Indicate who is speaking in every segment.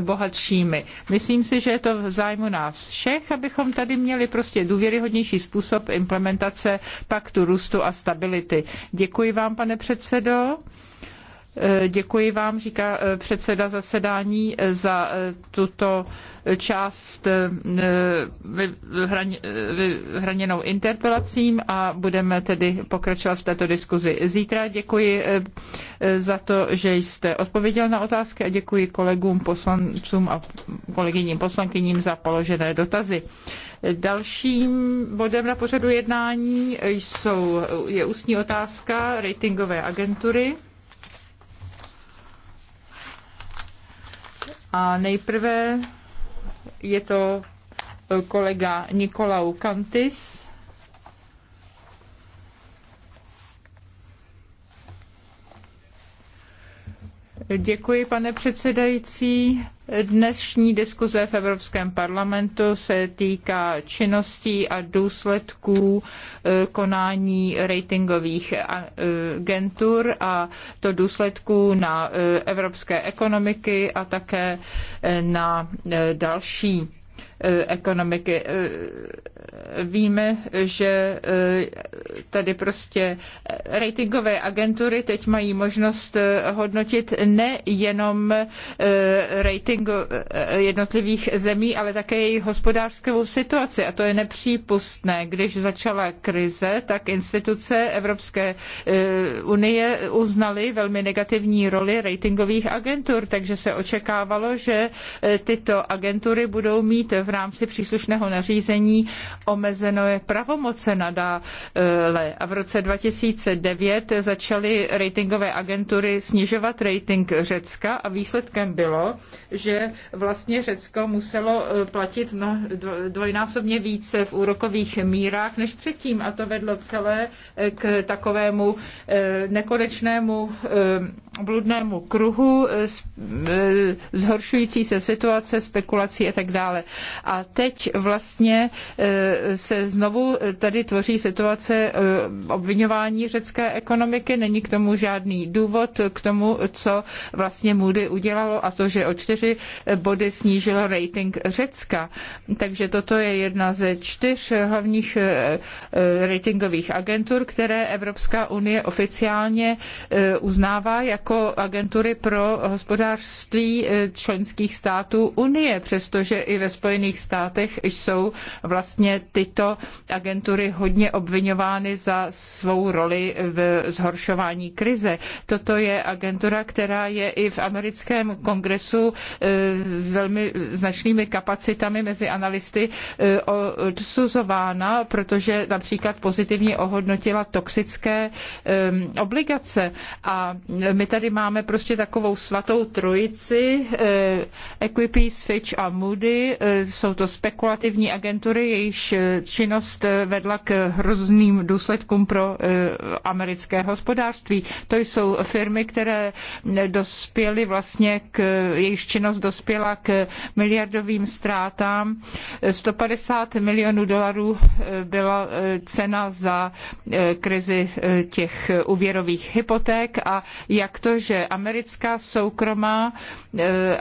Speaker 1: bohatšími. Myslím si, že je to v zájmu nás všech, abychom tady měli prostě důvěryhodnější způsob implementace paktu růstu a stability. Děkuji vám, pane předsedo. Eh, děkuji vám, říká eh, předseda zasedání, eh, za tuto část vyhraněnou interpelacím a budeme tedy pokračovat v této diskuzi zítra. Děkuji za to, že jste odpověděl na otázky a děkuji kolegům poslancům a kolegyním poslankyním za položené dotazy. Dalším bodem na pořadu jednání jsou, je ústní otázka ratingové agentury. A nejprve je to kolega Nikolau Kantis Děkuji, pane předsedající. Dnešní diskuze v Evropském parlamentu se týká činností a důsledků eh, konání ratingových eh, agentur a to důsledků na eh, evropské ekonomiky a také na další Eh, ekonomiky. Eh, víme, že eh, tady prostě ratingové agentury teď mají možnost hodnotit nejenom rating jednotlivých zemí, ale také jejich hospodářskou situaci. A to je nepřípustné. Když začala krize, tak instituce Evropské unie uznaly velmi negativní roli ratingových agentur, takže se očekávalo, že tyto agentury budou mít v rámci příslušného nařízení omezeno je pravomoce nadále. A v roce 2009 začaly ratingové agentury snižovat rating Řecka a výsledkem bylo, že vlastně Řecko muselo eh, platit dvojnásobně více v úrokových mírách než předtím a to vedlo celé eh, k takovému eh, nekonečnému bludnému kruhu, zhoršující se situace, spekulací a tak dále. A teď vlastně e, se znovu tady tvoří situace e, obvinování řecké ekonomiky. Není k tomu žádný důvod k tomu, co vlastně Moody udělalo a to, že o čtyři body snížilo rating Řecka. Takže toto je jedna ze čtyř hlavních e, ratingových agentur, které Evropská unie oficiálně uznává jako agentury pro hospodářství členských států Unie, přestože i ve Spojených Spojených státech jsou vlastně tyto agentury hodně obvinovány za svou roli v zhoršování krize. Toto je agentura, která je i v americkém kongresu eh, velmi značnými kapacitami mezi analysty eh, odsuzována, protože například pozitivně ohodnotila toxické eh, obligace. A my tady máme prostě takovou svatou trojici Equipeace, Fitch a Moody jsou to spekulativní agentury, jejichž eh, činnost eh, vedla k hrozným důsledkům pro eh, americké hospodářství. To jsou firmy, které mm, dospěly vlastně k, jejich činnost dospěla k miliardovým ztrátám. 150 milionů dolarů byla cena za krizi těch úvěrových hypoték a jak to, že americká soukromá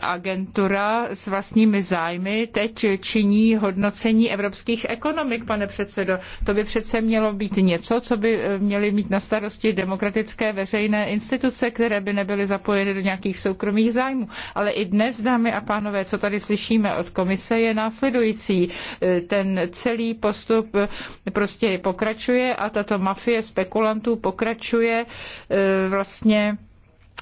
Speaker 1: agentura s vlastními zájmy teď činí hodnocení evropských ekonomik, pane předsedo. To by přece mělo být něco, co by eh, měly mít na starosti demokratické veřejné instituce, které by nebyly zapojeny do nějakých soukromých zájmů. Ale i dnes, dámy a pánové, co tady slyšíme od komise, je následující. Eh, ten celý postup eh, prostě pokračuje a tato mafie spekulantů pokračuje vlastně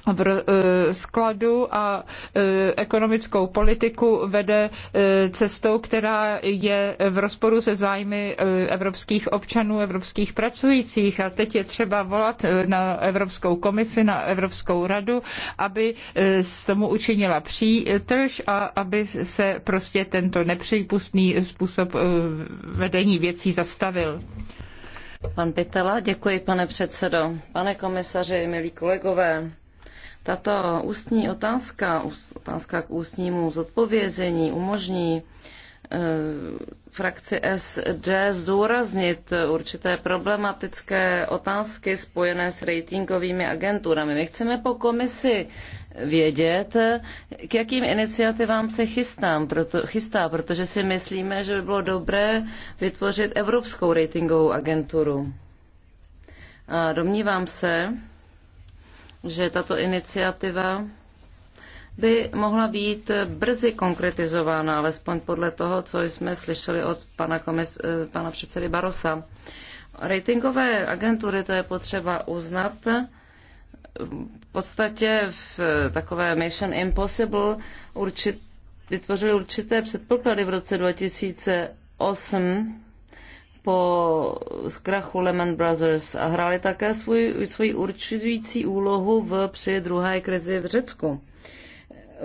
Speaker 1: Eh, skladu a eh, ekonomickou politiku vede eh, cestou, která je v rozporu se zájmy evropských občanů, evropských pracujících. A teď je třeba volat na Evropskou komisi, na Evropskou radu, aby s tomu učinila přítrž a aby se prostě tento nepřípustný způsob vedení věcí
Speaker 2: zastavil. Pan Pitela, děkuji, pane předsedo. Pane komisaři, milí kolegové, tato ústní otázka, otázka k ústnímu zodpovězení umožní eh, frakci SD zdůraznit určité problematické otázky spojené s ratingovými agenturami. My chceme po komisi vědět, k jakým iniciativám se chystám, proto, chystá, protože si myslíme, že by bylo dobré vytvořit Evropskou ratingovou agenturu. A domnívám se, že tato iniciativa by mohla být brzy konkretizována, alespoň podle toho, co jsme slyšeli od pana, komis, eh, pana předsedy Barosa. Ratingové agentury, to je potřeba uznat, v podstatě v takové Mission Impossible určit, vytvořili určité předpoklady v roce 2008 po zkrachu Lehman Brothers a hráli také svůj, svůj určující úlohu v při druhé krizi v Řecku.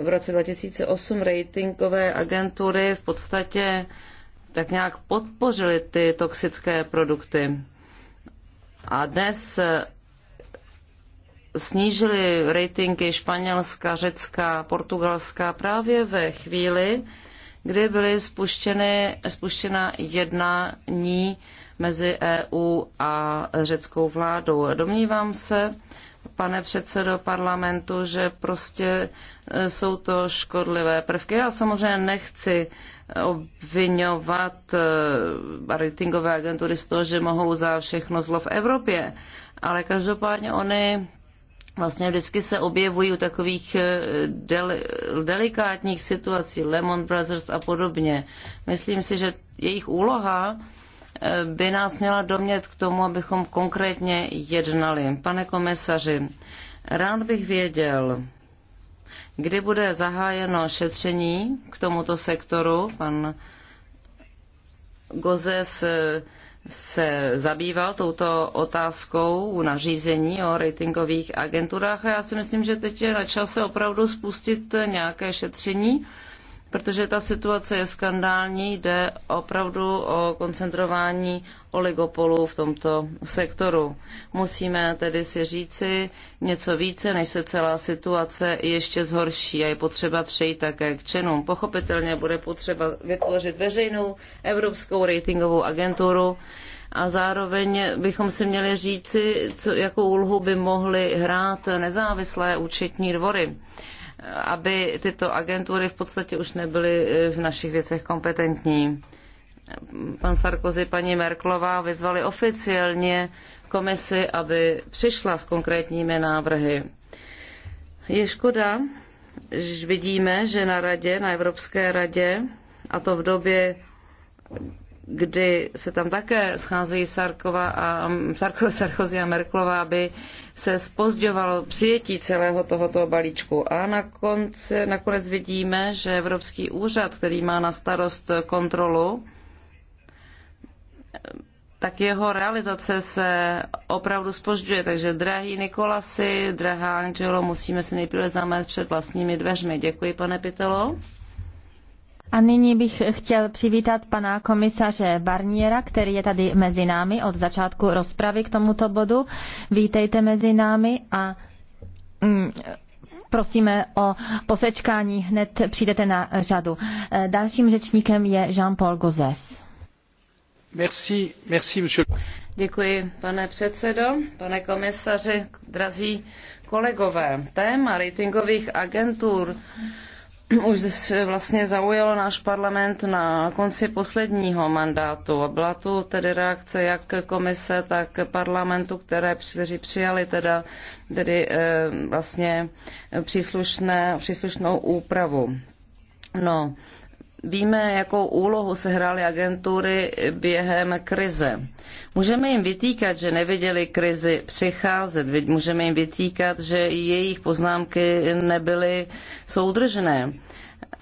Speaker 2: V roce 2008 ratingové agentury v podstatě tak nějak podpořily ty toxické produkty. A dnes eh, snížily ratingy Španělska, Řecka, Portugalska právě ve chvíli, kdy byly spuštěny, spuštěna jednání mezi EU a řeckou vládou. Domnívám se, pane předsedo parlamentu, že prostě e, jsou to škodlivé prvky. Já samozřejmě nechci obvinovat e, ratingové agentury z toho, že mohou za všechno zlo v Evropě, ale každopádně oni vlastně vždycky se objevují u takových eh, del, delikátních situací, Lemon Brothers a podobně. Myslím si, že jejich úloha eh, by nás měla domět k tomu, abychom konkrétně jednali. Pane komisaři, rád bych věděl, kdy bude zahájeno šetření k tomuto sektoru. Pan Gozes eh, se zabýval touto otázkou u nařízení o ratingových agenturách a já si myslím, že teď je na čase opravdu spustit nějaké šetření protože ta situace je skandální, jde opravdu o koncentrování oligopolů v tomto sektoru. Musíme tedy si říci něco více, než se celá situace ještě zhorší a je potřeba přejít také k činům. Pochopitelně bude potřeba vytvořit veřejnou evropskou ratingovou agenturu, a zároveň bychom si měli říci, co, jakou úlohu by mohly hrát nezávislé účetní dvory aby tyto agentury v podstatě už nebyly eh, v našich věcech kompetentní. Pan Sarkozy, paní Merklová vyzvali oficiálně komisi, aby přišla s konkrétními návrhy. Je škoda, že vidíme, že na radě, na Evropské radě, a to v době, kdy se tam také scházejí Sarkova a, Sarko, Sarkozy a Merklova, aby se spozdňovalo přijetí celého tohoto balíčku. A na nakonec vidíme, že Evropský úřad, který má na starost kontrolu, tak jeho realizace se opravdu spožďuje. Takže drahý Nikolasi, drahá Angelo, musíme se nejprve zamést před vlastními dveřmi. Děkuji, pane Pitelo.
Speaker 3: A nyní bych chtěl přivítat pana komisaře Barniera, který je tady mezi námi od začátku rozpravy k tomuto bodu. Vítejte mezi námi a mm, prosíme o posečkání, hned přijdete na řadu. Dalším řečníkem je Jean-Paul Gozes.
Speaker 2: Merci, merci, monsieur. Děkuji, pane předsedo, pane komisaři, drazí kolegové. Téma ratingových agentur už vlastně zaujalo náš parlament na konci posledního mandátu. A byla tu tedy reakce jak komise, tak parlamentu, které, přijaly přijali teda, tedy eh, vlastně eh, příslušné, příslušnou úpravu. No, Víme, jakou úlohu sehrály agentury během krize. Můžeme jim vytýkat, že neviděli krizi přicházet, můžeme jim vytýkat, že jejich poznámky nebyly soudržné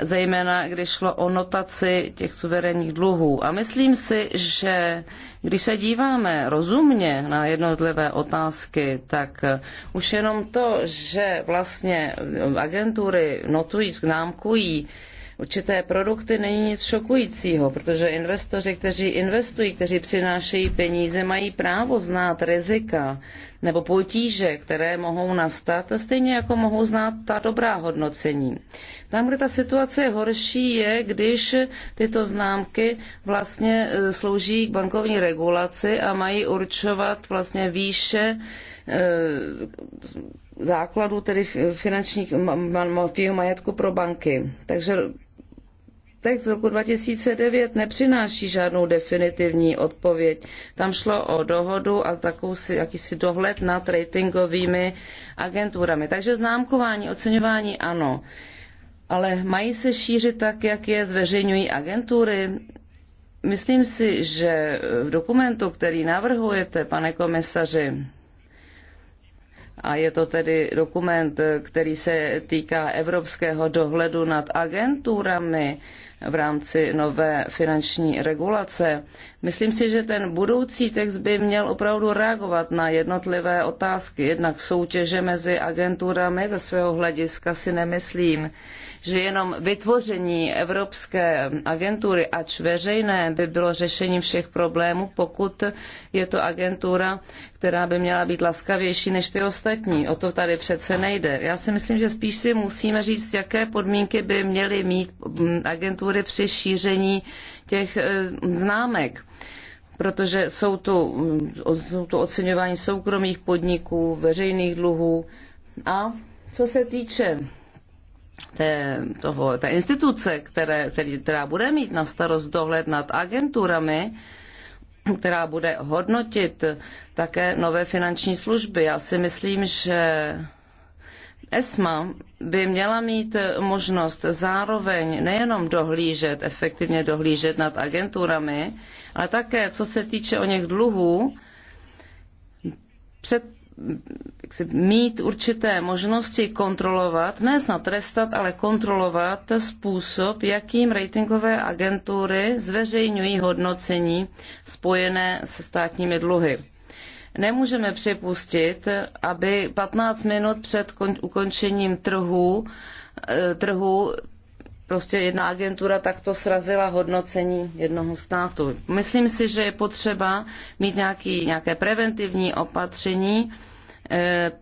Speaker 2: zejména když šlo o notaci těch suverénních dluhů. A myslím si, že když se díváme rozumně na jednotlivé otázky, tak už jenom to, že vlastně agentury notují, známkují určité produkty, není nic šokujícího, protože investoři, kteří investují, kteří přinášejí peníze, mají právo znát rizika nebo potíže, které mohou nastat, stejně jako mohou znát ta dobrá hodnocení. Tam, kde ta situace je horší, je, když tyto známky vlastně slouží k bankovní regulaci a mají určovat vlastně výše základu, tedy finančních majetku pro banky. Takže Text z roku 2009 nepřináší žádnou definitivní odpověď. Tam šlo o dohodu a takousi, jakýsi dohled nad ratingovými agenturami. Takže známkování, oceňování ano, ale mají se šířit tak, jak je zveřejňují agentury? Myslím si, že v dokumentu, který navrhujete, pane komisaři, a je to tedy dokument, který se týká evropského dohledu nad agenturami, v rámci nové finanční regulace Myslím si, že ten budoucí text by měl opravdu reagovat na jednotlivé otázky. Jednak soutěže mezi agenturami ze svého hlediska si nemyslím, že jenom vytvoření evropské agentury, ač veřejné, by bylo řešením všech problémů, pokud je to agentura, která by měla být laskavější než ty ostatní. O to tady přece nejde. Já si myslím, že spíš si musíme říct, jaké podmínky by měly mít mm, agentury při šíření těch eh, známek protože jsou tu, mm, jsou tu oceňování soukromých podniků, veřejných dluhů. A co se týče té, toho, té instituce, které, která bude mít na starost dohled nad agenturami, která bude hodnotit také nové finanční služby. Já si myslím, že ESMA by měla mít možnost zároveň nejenom dohlížet, efektivně dohlížet nad agenturami, ale také co se týče o něch dluhů, před, jak si, mít určité možnosti kontrolovat, ne snad trestat, ale kontrolovat způsob, jakým ratingové agentury zveřejňují hodnocení spojené se státními dluhy. Nemůžeme připustit, aby 15 minut před ukončením eh, trhu, trhu prostě jedna agentura takto srazila hodnocení jednoho státu. Myslím si, že je potřeba mít nějaký, nějaké preventivní opatření, eh,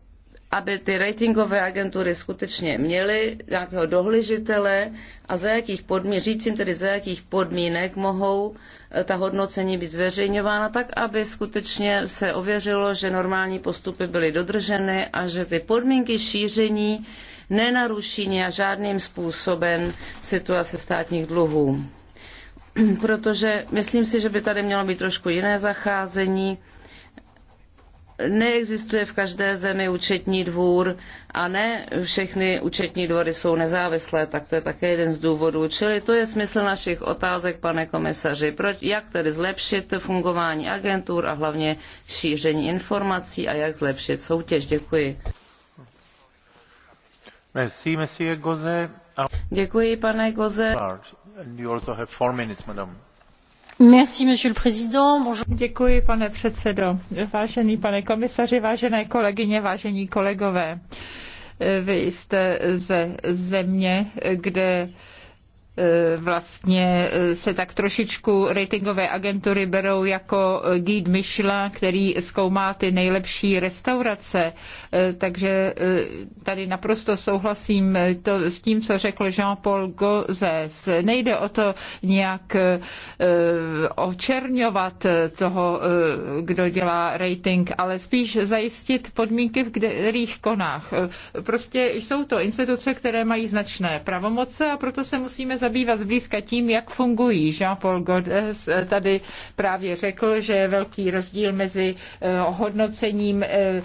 Speaker 2: aby ty ratingové agentury skutečně měly nějakého dohližitele a za jakých podmínek, říct jim tedy za jakých podmínek mohou eh, ta hodnocení být zveřejňována tak, aby skutečně se ověřilo, že normální postupy byly dodrženy a že ty podmínky šíření nenaruší žádným způsobem situaci státních dluhů. Protože myslím si, že by tady mělo být trošku jiné zacházení. Neexistuje v každé zemi účetní dvůr a ne všechny účetní dvory jsou nezávislé, tak to je také jeden z důvodů. Čili to je smysl našich otázek, pane komisaři, proč, jak tedy zlepšit fungování agentur a hlavně šíření informací a jak zlepšit soutěž. Děkuji monsieur Děkuji, pane Goze. le président. Bonjour.
Speaker 1: pane předsedo. Vážený pane komisaři, vážené kolegyně, vážení kolegové. Vy jste ze země, kde E, vlastně e, se tak trošičku ratingové agentury berou jako e, guide Michela, který zkoumá ty nejlepší restaurace. Takže tady naprosto souhlasím to s tím, co řekl Jean-Paul Gozes. Nejde o to nějak očerňovat toho, kdo dělá rating, ale spíš zajistit podmínky, v kterých konách. Prostě jsou to instituce, které mají značné pravomoce a proto se musíme zabývat zblízka tím, jak fungují. Jean-Paul Godes tady právě řekl, že je velký rozdíl mezi eh, hodnocením eh, eh,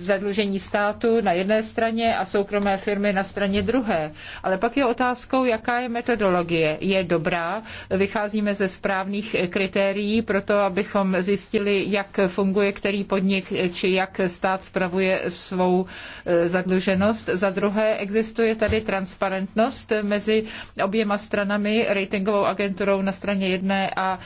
Speaker 1: zadlužení státu na jedné straně a soukromé firmy na straně druhé. Ale pak je otázkou, jaká je metodologie. Je dobrá, vycházíme ze správných kritérií pro to, abychom zjistili, jak funguje který podnik, či jak stát spravuje svou zadluženost. Za druhé, existuje tady transparentnost mezi mezi oběma stranami, ratingovou agenturou na straně jedné a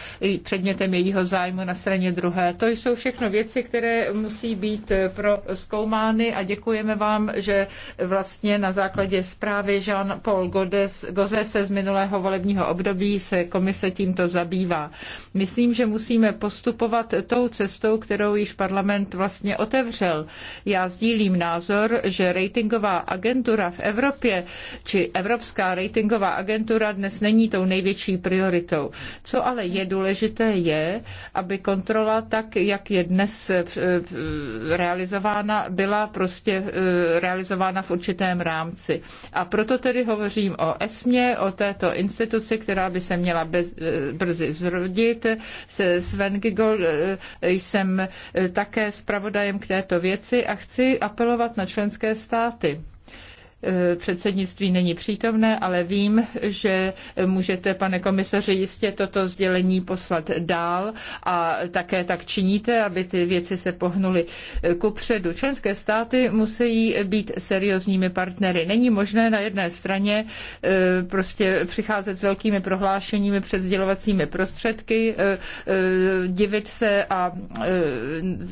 Speaker 1: předmětem jejího zájmu na straně druhé. To jsou všechno věci, které musí být eh, proskoumány a děkujeme vám, že vlastně na základě zprávy Jean-Paul Gozese z minulého volebního období se komise tímto zabývá. Myslím, že musíme postupovat tou cestou, kterou již parlament vlastně otevřel. Já sdílím názor, že ratingová agentura v Evropě či Evropská ratingová ratingová agentura dnes není tou největší prioritou. Co ale je důležité, je, aby kontrola tak, jak je dnes eh, eh, realizována, byla prostě eh, realizována v určitém rámci. A proto tedy hovořím o ESMě, o této instituci, která by se měla bez, brzy zrodit. Se Sven Gigol jsem také zpravodajem k této věci a chci apelovat na členské státy Eh, předsednictví není přítomné, ale vím, že můžete, pane komisaři, jistě toto sdělení poslat dál a také tak činíte, aby ty věci se pohnuly eh, předu Členské státy musí být seriózními partnery. Není možné na jedné straně eh, prostě přicházet s velkými prohlášeními před sdělovacími prostředky, divit se a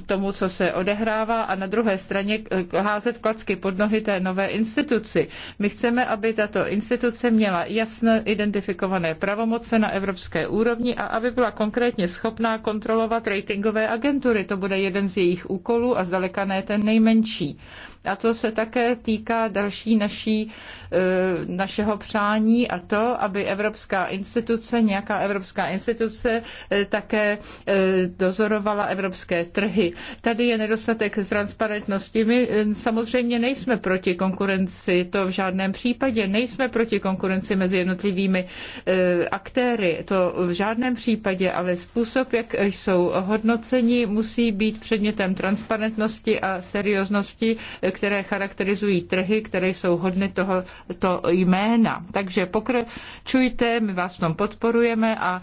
Speaker 1: tomu, co se odehrává a na druhé straně házet klacky pod nohy té nové instituce instituci. My chceme, aby tato instituce měla jasně identifikované pravomoce na evropské úrovni a aby byla konkrétně schopná kontrolovat ratingové agentury. To bude jeden z jejich úkolů a zdaleka ne ten nejmenší. A to se také týká další naší, e, našeho přání a to, aby evropská instituce, nějaká evropská instituce e, také e, dozorovala evropské trhy. Tady je nedostatek transparentnosti. My samozřejmě nejsme proti konkurenci, to v žádném případě. Nejsme proti konkurenci mezi jednotlivými aktéry, to v žádném případě, ale způsob, jak jsou hodnoceni, musí být předmětem transparentnosti a serióznosti, které charakterizují trhy, které jsou hodny tohoto jména. Takže pokračujte, my vás v tom podporujeme a e,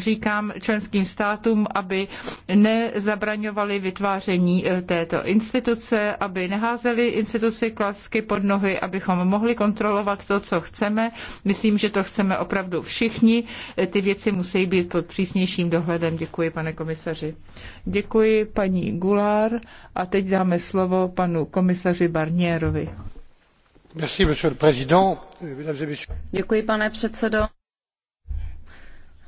Speaker 1: říkám členským státům, aby nezabraňovali vytváření e, této instituce, aby neházeli instituci klasky pod nohy, abychom mohli kontrolovat to, co chceme. Myslím, že to chceme opravdu všichni. E, ty věci musí být pod přísnějším dohledem. Děkuji, pane komisaři. Děkuji, paní Gulár. A teď dáme slovo panu panu komisaři Barnierovi.
Speaker 2: Děkuji, pane předsedo.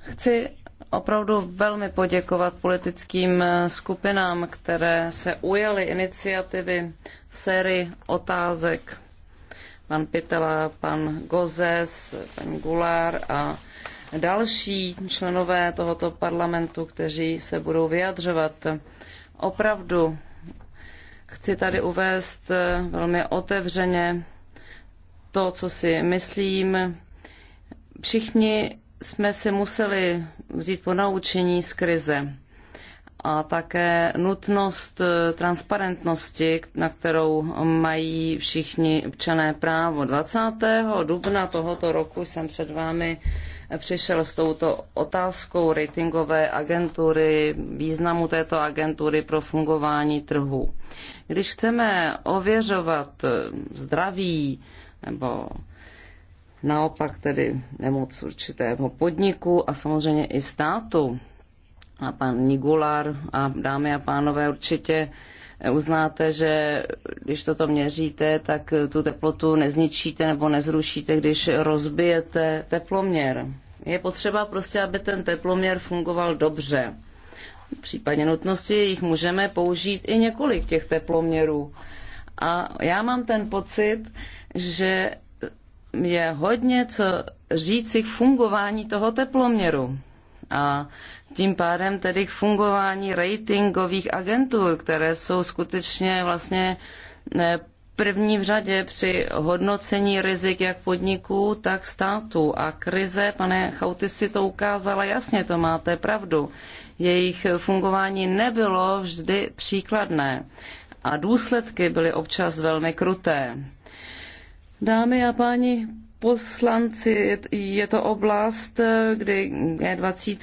Speaker 2: Chci opravdu velmi poděkovat politickým skupinám, které se ujaly iniciativy sérii otázek. Pan Pitela, pan Gozes, paní Gulár a další členové tohoto parlamentu, kteří se budou vyjadřovat. Opravdu Chci tady uvést eh, velmi otevřeně to, co si myslím. Všichni jsme si museli vzít po naučení z krize a také nutnost eh, transparentnosti, na kterou mají všichni občané právo. 20. dubna tohoto roku jsem před vámi přišel s touto otázkou ratingové agentury, významu této agentury pro fungování trhu. Když chceme ověřovat zdraví nebo naopak tedy nemoc určitého podniku a samozřejmě i státu, a pan Nigular a dámy a pánové určitě uznáte, že když toto měříte, tak tu teplotu nezničíte nebo nezrušíte, když rozbijete teploměr. Je potřeba prostě, aby ten teploměr fungoval dobře. V případě nutnosti jich můžeme použít i několik těch teploměrů. A já mám ten pocit, že je hodně co říci k fungování toho teploměru. A tím pádem tedy k fungování ratingových agentur, které jsou skutečně vlastně eh, první v řadě při hodnocení rizik jak podniků, tak států. A krize, pane Chauty, si to ukázala jasně, to máte pravdu. Jejich fungování nebylo vždy příkladné a důsledky byly občas velmi kruté. Dámy a páni, poslanci, je to oblast, kdy G20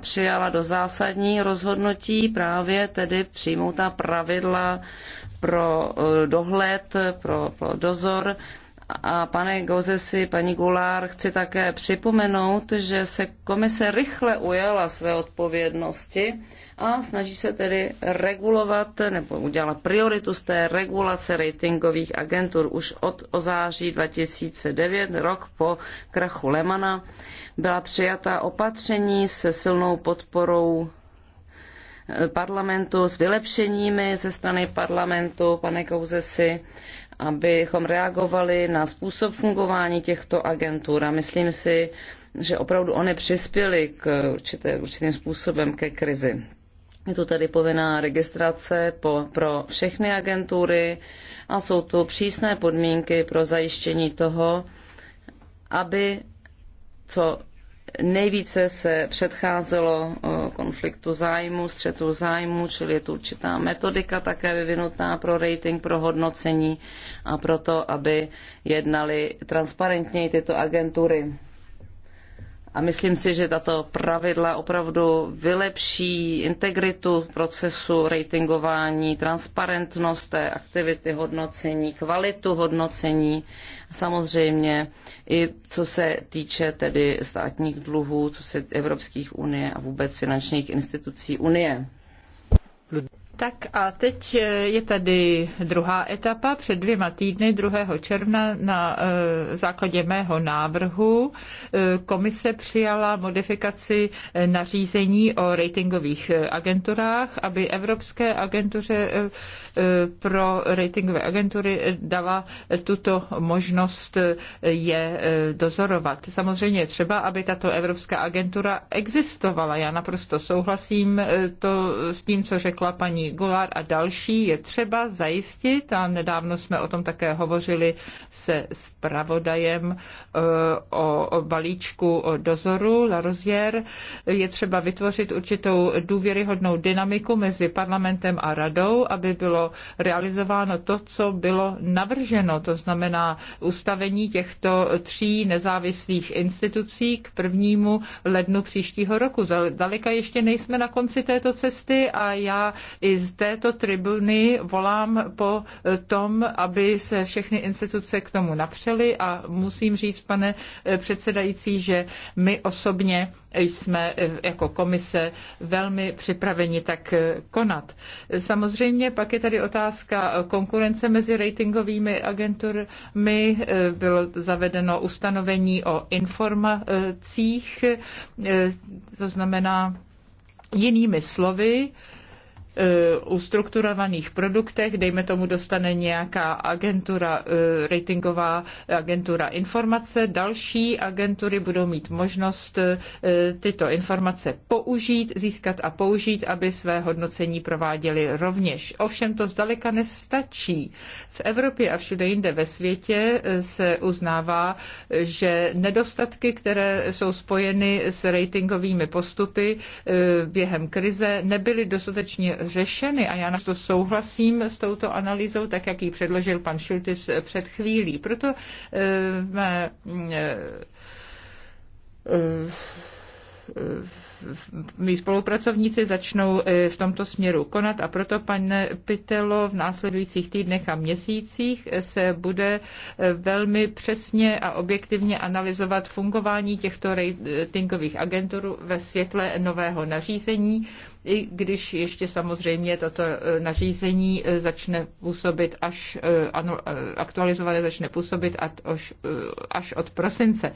Speaker 2: přijala do zásadní rozhodnutí právě tedy přijmout ta pravidla pro eh, dohled, pro, pro dozor a pane Gozesi, paní Gulár, chci také připomenout, že se komise rychle ujala své odpovědnosti a snaží se tedy regulovat, nebo udělala prioritu z té regulace ratingových agentur už od o září 2009, rok po krachu Lemana. Byla přijata opatření se silnou podporou eh, parlamentu, s vylepšeními ze strany parlamentu, pane Kouzesi, abychom reagovali na způsob fungování těchto agentur a myslím si, že opravdu oni přispěli k určité, určitým způsobem ke krizi. Je tu tedy povinná registrace po, pro všechny agentury a jsou tu přísné podmínky pro zajištění toho, aby co Nejvíce se předcházelo eh, konfliktu zájmu, střetu zájmu, čili je tu určitá metodika také vyvinutá pro rating, pro hodnocení a proto, aby jednali transparentněji tyto agentury. A myslím si, že tato pravidla opravdu vylepší integritu procesu ratingování, transparentnost té aktivity hodnocení, kvalitu hodnocení, samozřejmě i co se týče tedy státních dluhů, co se evropských unie a vůbec finančních institucí unie. Tak a teď eh, je tady druhá
Speaker 1: etapa. Před dvěma týdny, 2. června, na eh, základě mého návrhu eh, komise přijala modifikaci nařízení o ratingových agenturách, aby Evropské agentuře pro ratingové agentury dala tuto možnost je e, dozorovat. Samozřejmě je třeba, aby tato Evropská agentura existovala. Já naprosto souhlasím e, to s tím, co řekla paní Gulár a další. Je třeba zajistit, a nedávno jsme o tom také hovořili se spravodajem e, o balíčku o dozoru La Rozier, je třeba vytvořit určitou důvěryhodnou dynamiku mezi parlamentem a radou, aby bylo realizováno to, co bylo navrženo, to znamená ustavení těchto tří nezávislých institucí k prvnímu lednu příštího roku. Daleka ještě nejsme na konci této cesty a já i z této tribuny volám po tom, aby se všechny instituce k tomu napřely a musím říct, pane předsedající, že my osobně jsme eh, jako komise velmi připraveni tak eh, konat. Samozřejmě pak je tady tady otázka konkurence mezi ratingovými agenturami. Bylo zavedeno ustanovení o informacích, eh, to znamená jinými slovy, u strukturovaných produktech, dejme tomu dostane nějaká agentura eh, ratingová, agentura informace, další agentury budou mít možnost eh, tyto informace použít, získat a použít, aby své hodnocení prováděly rovněž. Ovšem to zdaleka nestačí. V Evropě a všude jinde ve světě eh, se uznává, že nedostatky, které jsou spojeny s ratingovými postupy během krize, nebyly dostatečně řešeny a já na to souhlasím s touto analýzou, tak jak ji předložil pan Šultis eh, před chvílí. Proto eh, mé mm, eh, mý spolupracovníci začnou v tomto směru konat a proto, pane Pitelo, v následujících týdnech a měsících se bude velmi přesně a objektivně analyzovat fungování těchto ratingových agentur ve světle nového nařízení i když ještě samozřejmě toto e, nařízení e, začne působit až e, aktualizované začne působit až, až od prosince.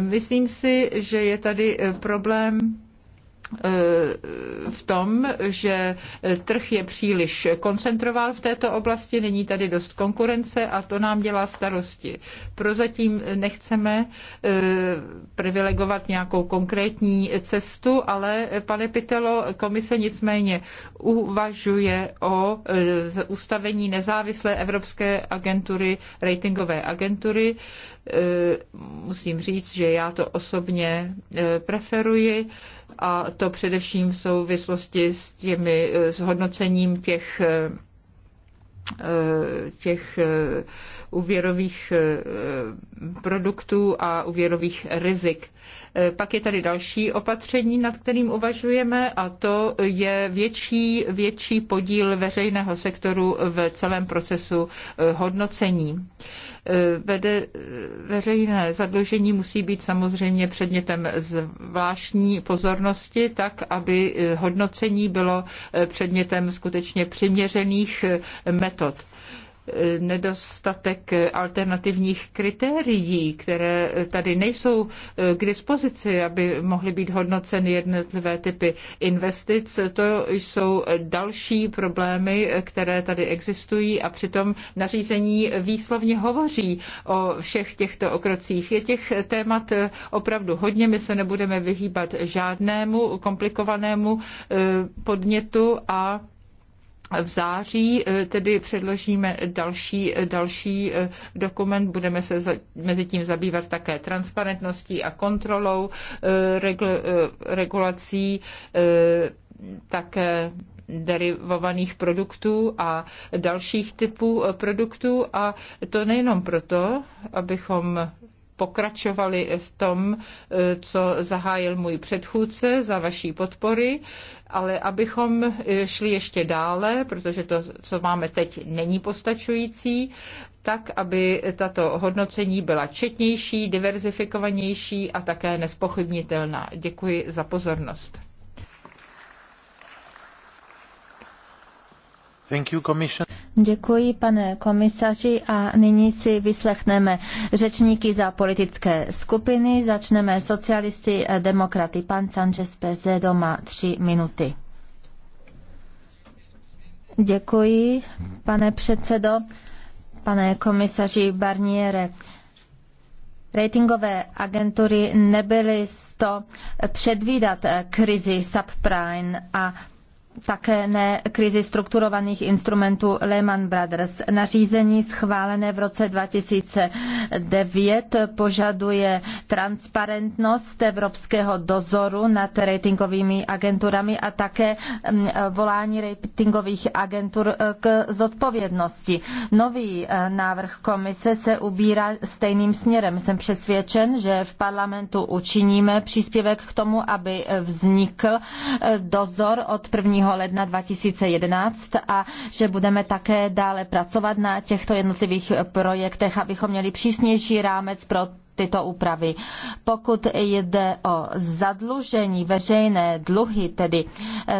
Speaker 1: Myslím si, že je tady problém Eh, v tom, že trh je příliš koncentrován v této oblasti, není tady dost konkurence a to nám dělá starosti. Prozatím nechceme eh, privilegovat nějakou konkrétní cestu, ale eh, pane Pitelo, komise nicméně uvažuje o ustavení nezávislé Evropské agentury, ratingové agentury. Musím říct, že já to osobně preferuji a to především v souvislosti s těmi zhodnocením eh, těch eh, eh, těch úvěrových produktů a úvěrových rizik. Pak je tady další opatření, nad kterým uvažujeme, a to je větší, větší podíl veřejného sektoru v celém procesu hodnocení. Vede, veřejné zadlužení musí být samozřejmě předmětem zvláštní pozornosti, tak aby eh, hodnocení bylo eh, předmětem skutečně přiměřených eh, metod nedostatek alternativních kritérií, které tady nejsou eh, k dispozici, aby mohly být hodnoceny jednotlivé typy investic. To jsou další problémy, které tady existují a přitom nařízení výslovně hovoří o všech těchto okrocích. Je těch témat eh, opravdu hodně, my se nebudeme vyhýbat žádnému komplikovanému eh, podnětu a v září eh, tedy předložíme další, eh, další eh, dokument. Budeme se za, mezi tím zabývat také transparentností a kontrolou regl, regulací, také derivovaných produktů a dalších typů produktů. A to nejenom proto, abychom pokračovali v tom, eh, co zahájil můj předchůdce za vaší podpory, ale abychom eh, šli ještě dále, protože to, co máme teď, není postačující, tak, aby tato hodnocení byla četnější, diverzifikovanější a také nespochybnitelná. Děkuji za pozornost.
Speaker 4: You,
Speaker 3: Děkuji, pane komisaři, a nyní si vyslechneme řečníky za politické skupiny. Začneme socialisty a eh, demokraty. Pan Sanchez Pezedo má tři minuty. Děkuji, pane předsedo, pane komisaři Barniere. Ratingové agentury nebyly z to předvídat eh, krizi subprime a také ne krizi strukturovaných instrumentů Lehman Brothers. Nařízení schválené v roce 2009 požaduje transparentnost evropského dozoru nad ratingovými agenturami a také mm, volání ratingových agentur eh, k zodpovědnosti. Nový eh, návrh komise se ubírá stejným směrem. Jsem přesvědčen, že v parlamentu učiníme příspěvek k tomu, aby vznikl eh, dozor od 1 ledna 2011 a že budeme také dále pracovat na těchto jednotlivých projektech, abychom měli přísnější rámec pro tyto úpravy. Pokud jde o zadlužení veřejné dluhy, tedy,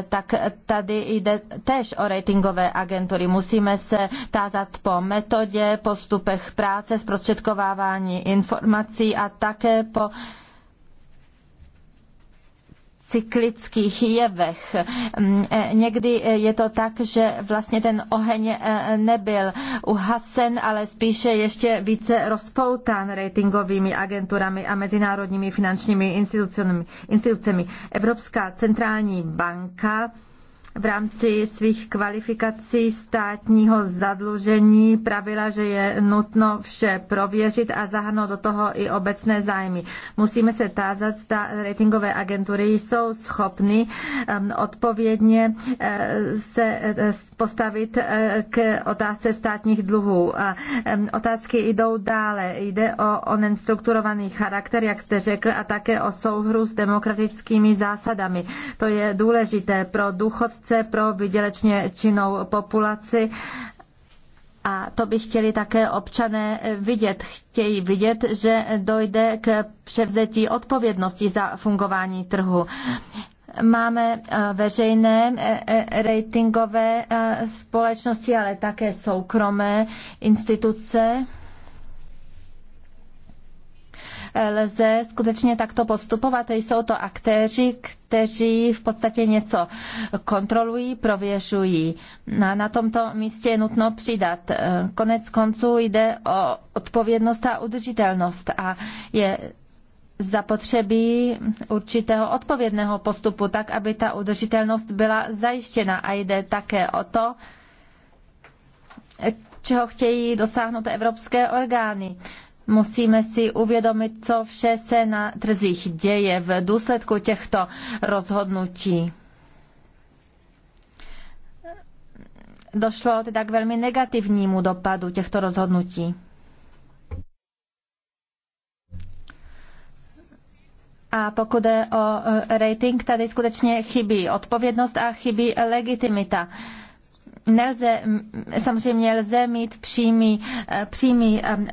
Speaker 3: tak tady jde též o ratingové agentury. Musíme se tázat po metodě, postupech práce, zprostředkovávání informací a také po cyklických jevech. Mm, e, někdy e, je to tak, že vlastně ten oheň e, nebyl uhasen, ale spíše ještě více rozpoután ratingovými agenturami a mezinárodními finančními institucemi. Evropská centrální banka v rámci svých kvalifikací státního zadlužení pravila, že je nutno vše prověřit a zahrnout do toho i obecné zájmy. Musíme se tázat, zda ratingové agentury jsou schopny ehm, odpovědně eh, se eh, postavit eh, k otázce státních dluhů. A ehm, otázky jdou dále. Jde o onen strukturovaný charakter, jak jste řekl, a také o souhru s demokratickými zásadami. To je důležité pro důchodce akce pro vydělečně činnou populaci. A to by chtěli také občané vidět. Chtějí vidět, že dojde k převzetí odpovědnosti za fungování trhu máme eh, veřejné eh, eh, ratingové společnosti, ale také soukromé instituce lze skutečně takto postupovat. Jsou to aktéři, kteří v podstatě něco kontrolují, prověřují. Na, na tomto místě je nutno přidat. Konec konců jde o odpovědnost a udržitelnost a je zapotřebí určitého odpovědného postupu, tak aby ta udržitelnost byla zajištěna. A jde také o to, čeho chtějí dosáhnout evropské orgány. Musíme si uvědomit, co vše se na trzích děje v důsledku těchto rozhodnutí. Došlo teda k velmi negativnímu dopadu těchto rozhodnutí. A pokud je o e, rating, tady skutečně chybí odpovědnost a chybí legitimita. Uh, nelze, samozřejmě lze mít přímý, eh, přímý eh,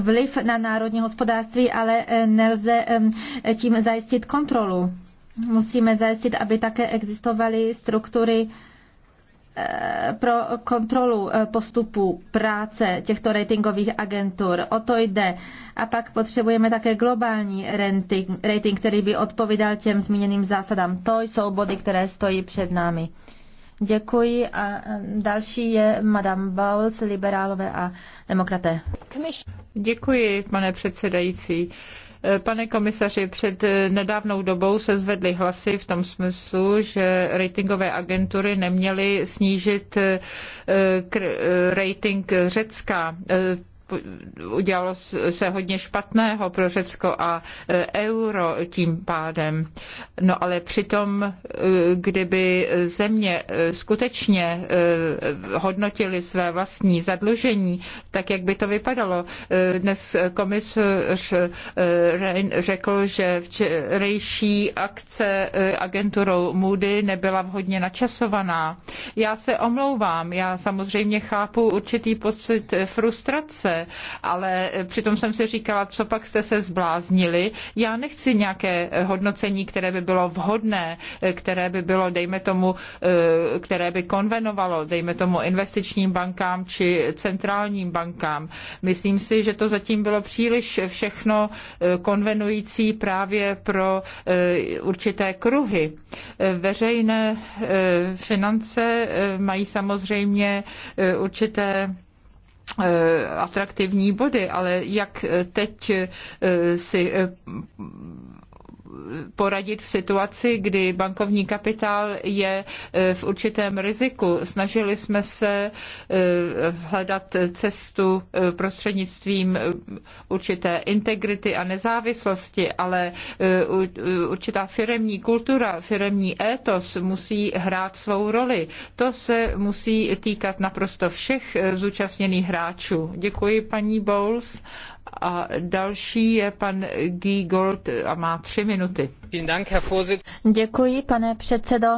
Speaker 3: vliv na národní hospodářství, ale eh, nelze tím zajistit kontrolu. Musíme zajistit, aby také existovaly struktury pro kontrolu postupu práce těchto ratingových agentur. O to jde. A pak potřebujeme také globální rating, rating který by odpovídal těm zmíněným zásadám. To jsou body, které stojí před námi. Děkuji a e, další je Madame Bowles, liberálové a demokraté.
Speaker 1: Děkuji, pane předsedající. E, pane komisaři, před nedávnou dobou se zvedly hlasy v tom smyslu, že ratingové agentury neměly snížit e, rating Řecka udělalo se hodně špatného pro Řecko a e, euro tím pádem. No ale přitom, e, kdyby země e, skutečně hodnotily své vlastní zadlužení, tak jak by to vypadalo? Dnes komisař řekl, že včerejší akce agenturou Moody nebyla vhodně načasovaná. Já se omlouvám, já samozřejmě chápu určitý pocit frustrace, ale přitom jsem si říkala, co pak jste se zbláznili. Já nechci nějaké hodnocení, které by bylo vhodné, které by bylo, dejme tomu, eh, které by konvenovalo, dejme tomu, investičním bankám či centrálním bankám. Myslím si, že to zatím bylo příliš všechno eh, konvenující právě pro eh, určité kruhy. Veřejné finance mají samozřejmě určité Eh, atraktivní body, ale jak eh, teď eh, si poradit v situaci, kdy bankovní kapitál je e, v určitém riziku. Snažili jsme se e, hledat cestu e, prostřednictvím určité integrity a nezávislosti, ale určitá firemní kultura, firemní étos musí hrát svou roli. To se musí týkat naprosto všech zúčastněných hráčů. Děkuji paní Bowles a další je pan Guy Gold a má tři minuty.
Speaker 3: Děkuji, pane předsedo.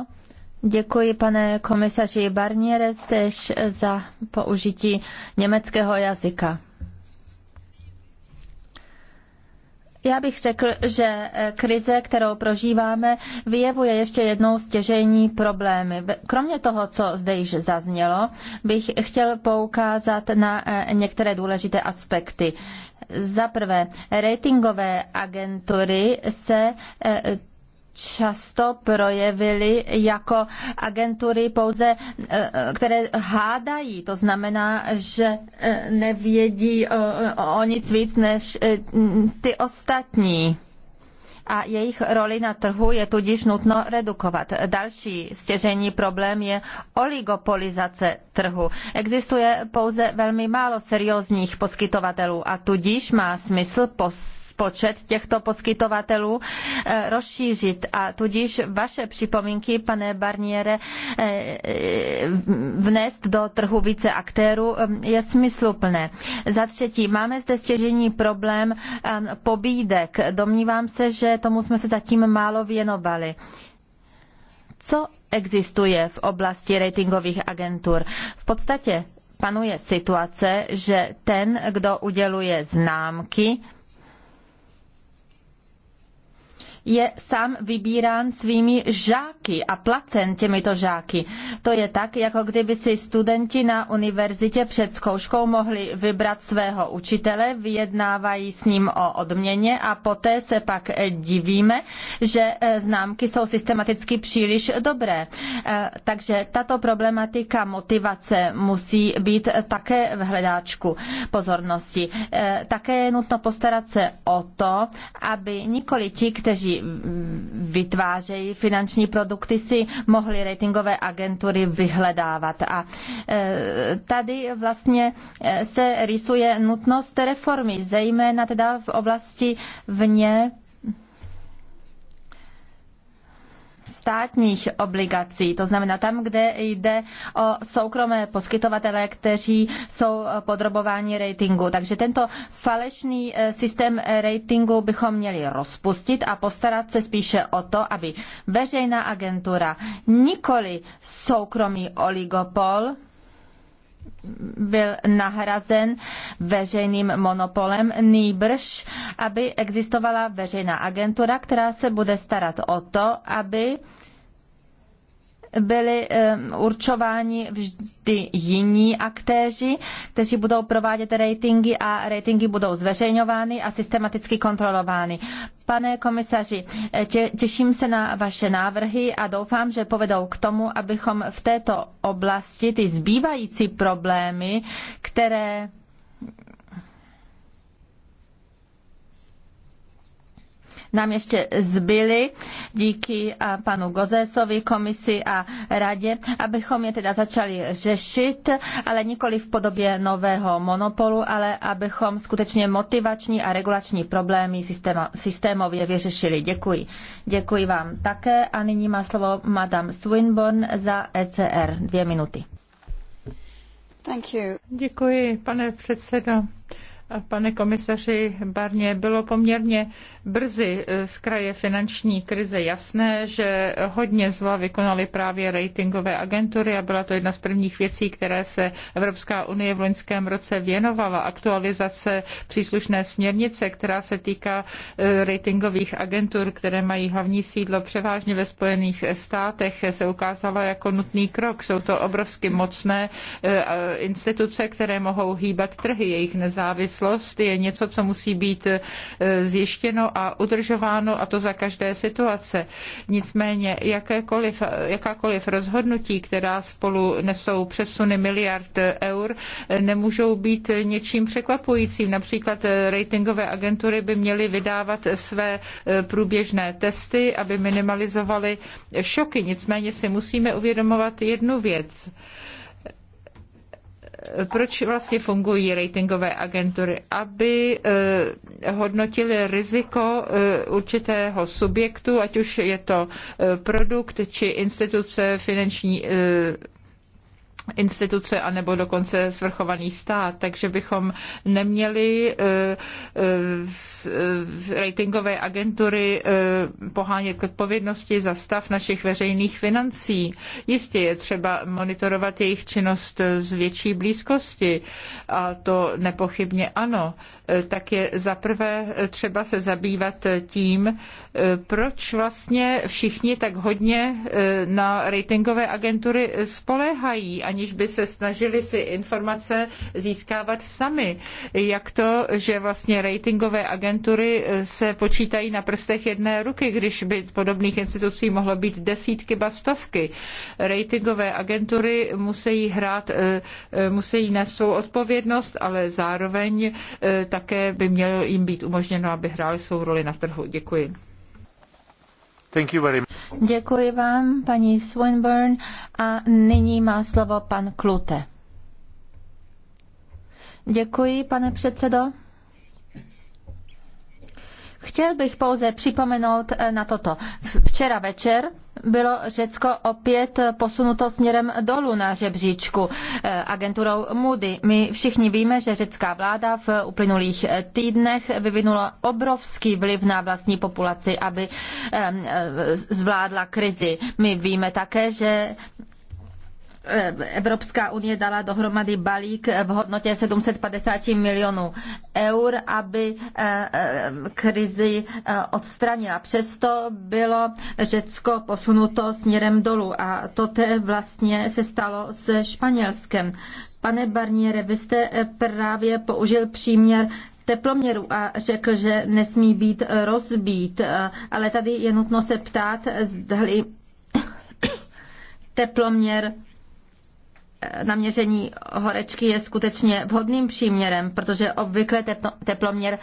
Speaker 3: Děkuji, pane komisaři Barniere, tež za použití německého jazyka. Já bych řekl, že eh, krize, kterou prožíváme, vyjevuje ještě jednou stěžejní problémy. Kromě toho, co zde již zaznělo, bych chtěl poukázat na eh, některé důležité aspekty. Za prvé, ratingové agentury se eh, často projevily jako agentury pouze, eh, eh, které hádají. To znamená, že eh, nevědí o nic víc než ty ostatní a jejich roli na trhu je tudíž nutno redukovat. Další stěžejní problém je oligopolizace trhu. Existuje pouze velmi málo seriózních poskytovatelů a tudíž má smysl pos počet těchto poskytovatelů eh, rozšířit. A tudíž vaše připomínky, pane Barniere, eh, eh, vnést do trhu více aktérů je smysluplné. Za třetí, máme zde stěžení problém pobídek. Domnívám se, že tomu jsme se zatím málo věnovali. Co existuje v oblasti ratingových agentur? V podstatě panuje situace, že ten, kdo uděluje známky, je sám vybírán svými žáky a placen těmito žáky. To je tak, jako kdyby si studenti na univerzitě před zkouškou mohli vybrat svého učitele, vyjednávají s ním o odměně a poté se pak divíme, že eh, známky jsou systematicky příliš dobré. Eh, takže tato problematika motivace musí být také v hledáčku pozornosti. Eh, také je nutno postarat se o to, aby nikoli ti, kteří vytvářejí finanční produkty, si mohly ratingové agentury vyhledávat. A e, tady vlastně e, se rysuje nutnost reformy, zejména teda v oblasti vně státních obligací, to znamená tam, kde jde o soukromé poskytovatele, kteří jsou podrobováni ratingu. Takže tento falešný eh, systém ratingu bychom měli rozpustit a postarat se spíše o to, aby veřejná agentura, nikoli soukromý oligopol, byl nahrazen veřejným monopolem, nýbrž, aby existovala veřejná agentura, která se bude starat o to, aby byli určováni vždy jiní aktéři, kteří budou provádět ratingy a ratingy budou zveřejňovány a systematicky kontrolovány. Pane komisaři, těším se na vaše návrhy a doufám, že povedou k tomu, abychom v této oblasti ty zbývající problémy, které nám ještě zbyly díky panu Gozésovi, komisi a radě, abychom je teda začali řešit, ale nikoli v podobě nového monopolu, ale abychom skutečně motivační a regulační problémy systémově vyřešili. Děkuji. Děkuji vám také a nyní má slovo Madame Swinburne za ECR. Dvě minuty.
Speaker 1: Thank you. Děkuji, pane předsedo. Pane komisaři Barně, bylo poměrně brzy eh, z kraje finanční krize jasné, že hodně zla vykonaly právě ratingové agentury a byla to jedna z prvních věcí, které se Evropská unie v loňském roce věnovala. Aktualizace příslušné směrnice, která se týká eh, ratingových agentur, které mají hlavní sídlo převážně ve Spojených státech, se ukázala jako nutný krok. Jsou to obrovsky mocné eh, instituce, které mohou hýbat trhy, jejich nezávislost závislost je něco, co musí být eh, zjištěno a udržováno a to za každé situace. Nicméně jakékoliv, jakákoliv rozhodnutí, která spolu nesou přesuny miliard eur, eh, nemůžou být něčím překvapujícím. Například eh, ratingové agentury by měly vydávat své průběžné testy, aby minimalizovaly šoky. Nicméně si musíme uvědomovat jednu věc proč vlastně fungují ratingové agentury? Aby eh, hodnotili riziko eh, určitého subjektu, ať už je to eh, produkt či instituce finanční instituce anebo dokonce svrchovaný stát, takže bychom neměli eh, eh, eh, ratingové agentury pohánět k odpovědnosti za stav našich veřejných financí. Jistě je třeba monitorovat jejich činnost z větší blízkosti a to nepochybně ano. Eh, tak je zaprvé eh, třeba se zabývat eh, tím, proč vlastně všichni tak hodně na ratingové agentury spoléhají, aniž by se snažili si informace získávat sami. Jak to, že vlastně ratingové agentury se počítají na prstech jedné ruky, když by podobných institucí mohlo být desítky, bastovky? Ratingové agentury musí hrát, musí nesou svou odpovědnost, ale zároveň také by mělo jim být umožněno, aby hráli svou roli na trhu. Děkuji. Thank you very much.
Speaker 3: Děkuji vám, paní Swinburne. A nyní má slovo pan Klute. Děkuji, pane předsedo. Chtěl bych pouze připomenout eh, na toto. Včera večer bylo Řecko opět posunuto směrem dolů na žebříčku eh, agenturou Moody. My všichni víme, že řecká vláda v uplynulých týdnech vyvinula obrovský vliv na vlastní populaci, aby eh, zvládla krizi. My víme také, že Evropská unie dala dohromady balík v hodnotě 750 milionů eur, aby eh, eh, krizi eh, odstranila. Přesto bylo Řecko posunuto směrem dolů a to vlastně se stalo se Španělskem. Pane Barniere, vy jste právě použil příměr teploměru a řekl, že nesmí být rozbít, ale tady je nutno se ptát, zdali teploměr naměření horečky je skutečně vhodným příměrem, protože obvykle teploměr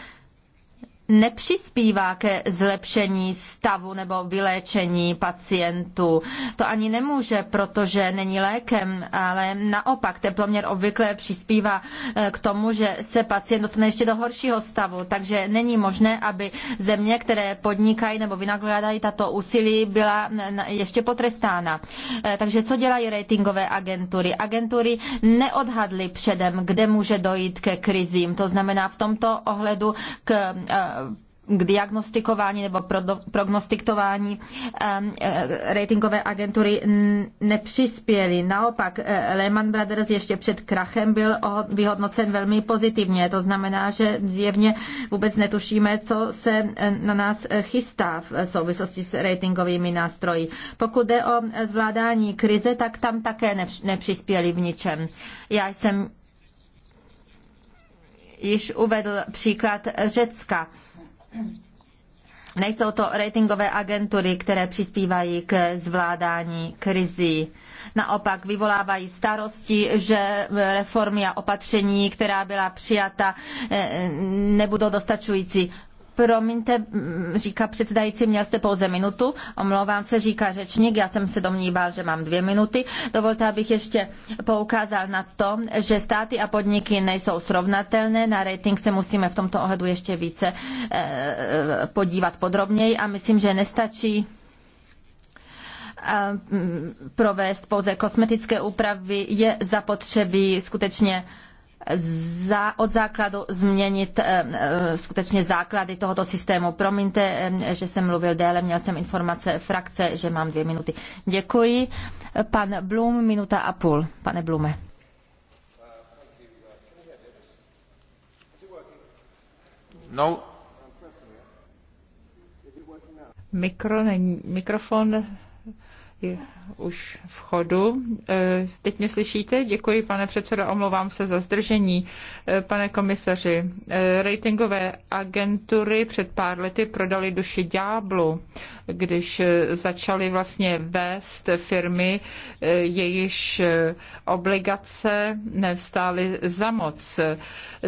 Speaker 3: nepřispívá ke zlepšení stavu nebo vyléčení pacientů. To ani nemůže, protože není lékem, ale naopak teploměr obvykle přispívá eh, k tomu, že se pacient dostane ještě do horšího stavu. Takže není možné, aby země, které podnikají nebo vynakládají tato úsilí, byla eh, ještě potrestána. Eh, takže co dělají ratingové agentury? Agentury neodhadly předem, kde může dojít ke krizím. To znamená v tomto ohledu k k diagnostikování nebo prognostikování eh, ratingové agentury nepřispěly. Naopak eh, Lehman Brothers ještě před krachem byl vyhodnocen velmi pozitivně. To znamená, že zjevně vůbec netušíme, co se eh, na nás chystá v souvislosti s ratingovými nástroji. Pokud jde o zvládání krize, tak tam také nepřispěli v ničem. Já jsem již uvedl příklad Řecka Nejsou to ratingové agentury, které přispívají k zvládání krizí. Naopak vyvolávají starosti, že reformy a opatření, která byla přijata, eh, nebudou dostačující. Promiňte, říká předsedající, měl jste pouze minutu. Omlouvám se, říká řečník. Já jsem se domníval, že mám dvě minuty. Dovolte, abych ještě poukázal na to, že státy a podniky nejsou srovnatelné. Na rating se musíme v tomto ohledu ještě více eh, podívat podrobněji a myslím, že nestačí eh, provést pouze kosmetické úpravy. Je zapotřebí skutečně za, od základu změnit eh, eh, skutečně základy tohoto systému. Promiňte, eh, že jsem mluvil déle, měl jsem informace frakce, že mám dvě minuty. Děkuji. Pan Blum, minuta a půl. Pane Blume.
Speaker 4: No.
Speaker 1: Mikro není, mikrofon je už v chodu. E, teď mě slyšíte? Děkuji, pane předsedo, omlouvám se za zdržení. E, pane komisaři, e, ratingové agentury před pár lety prodali duši ďáblu, když začaly vlastně vést firmy, jejichž obligace nevstály za moc.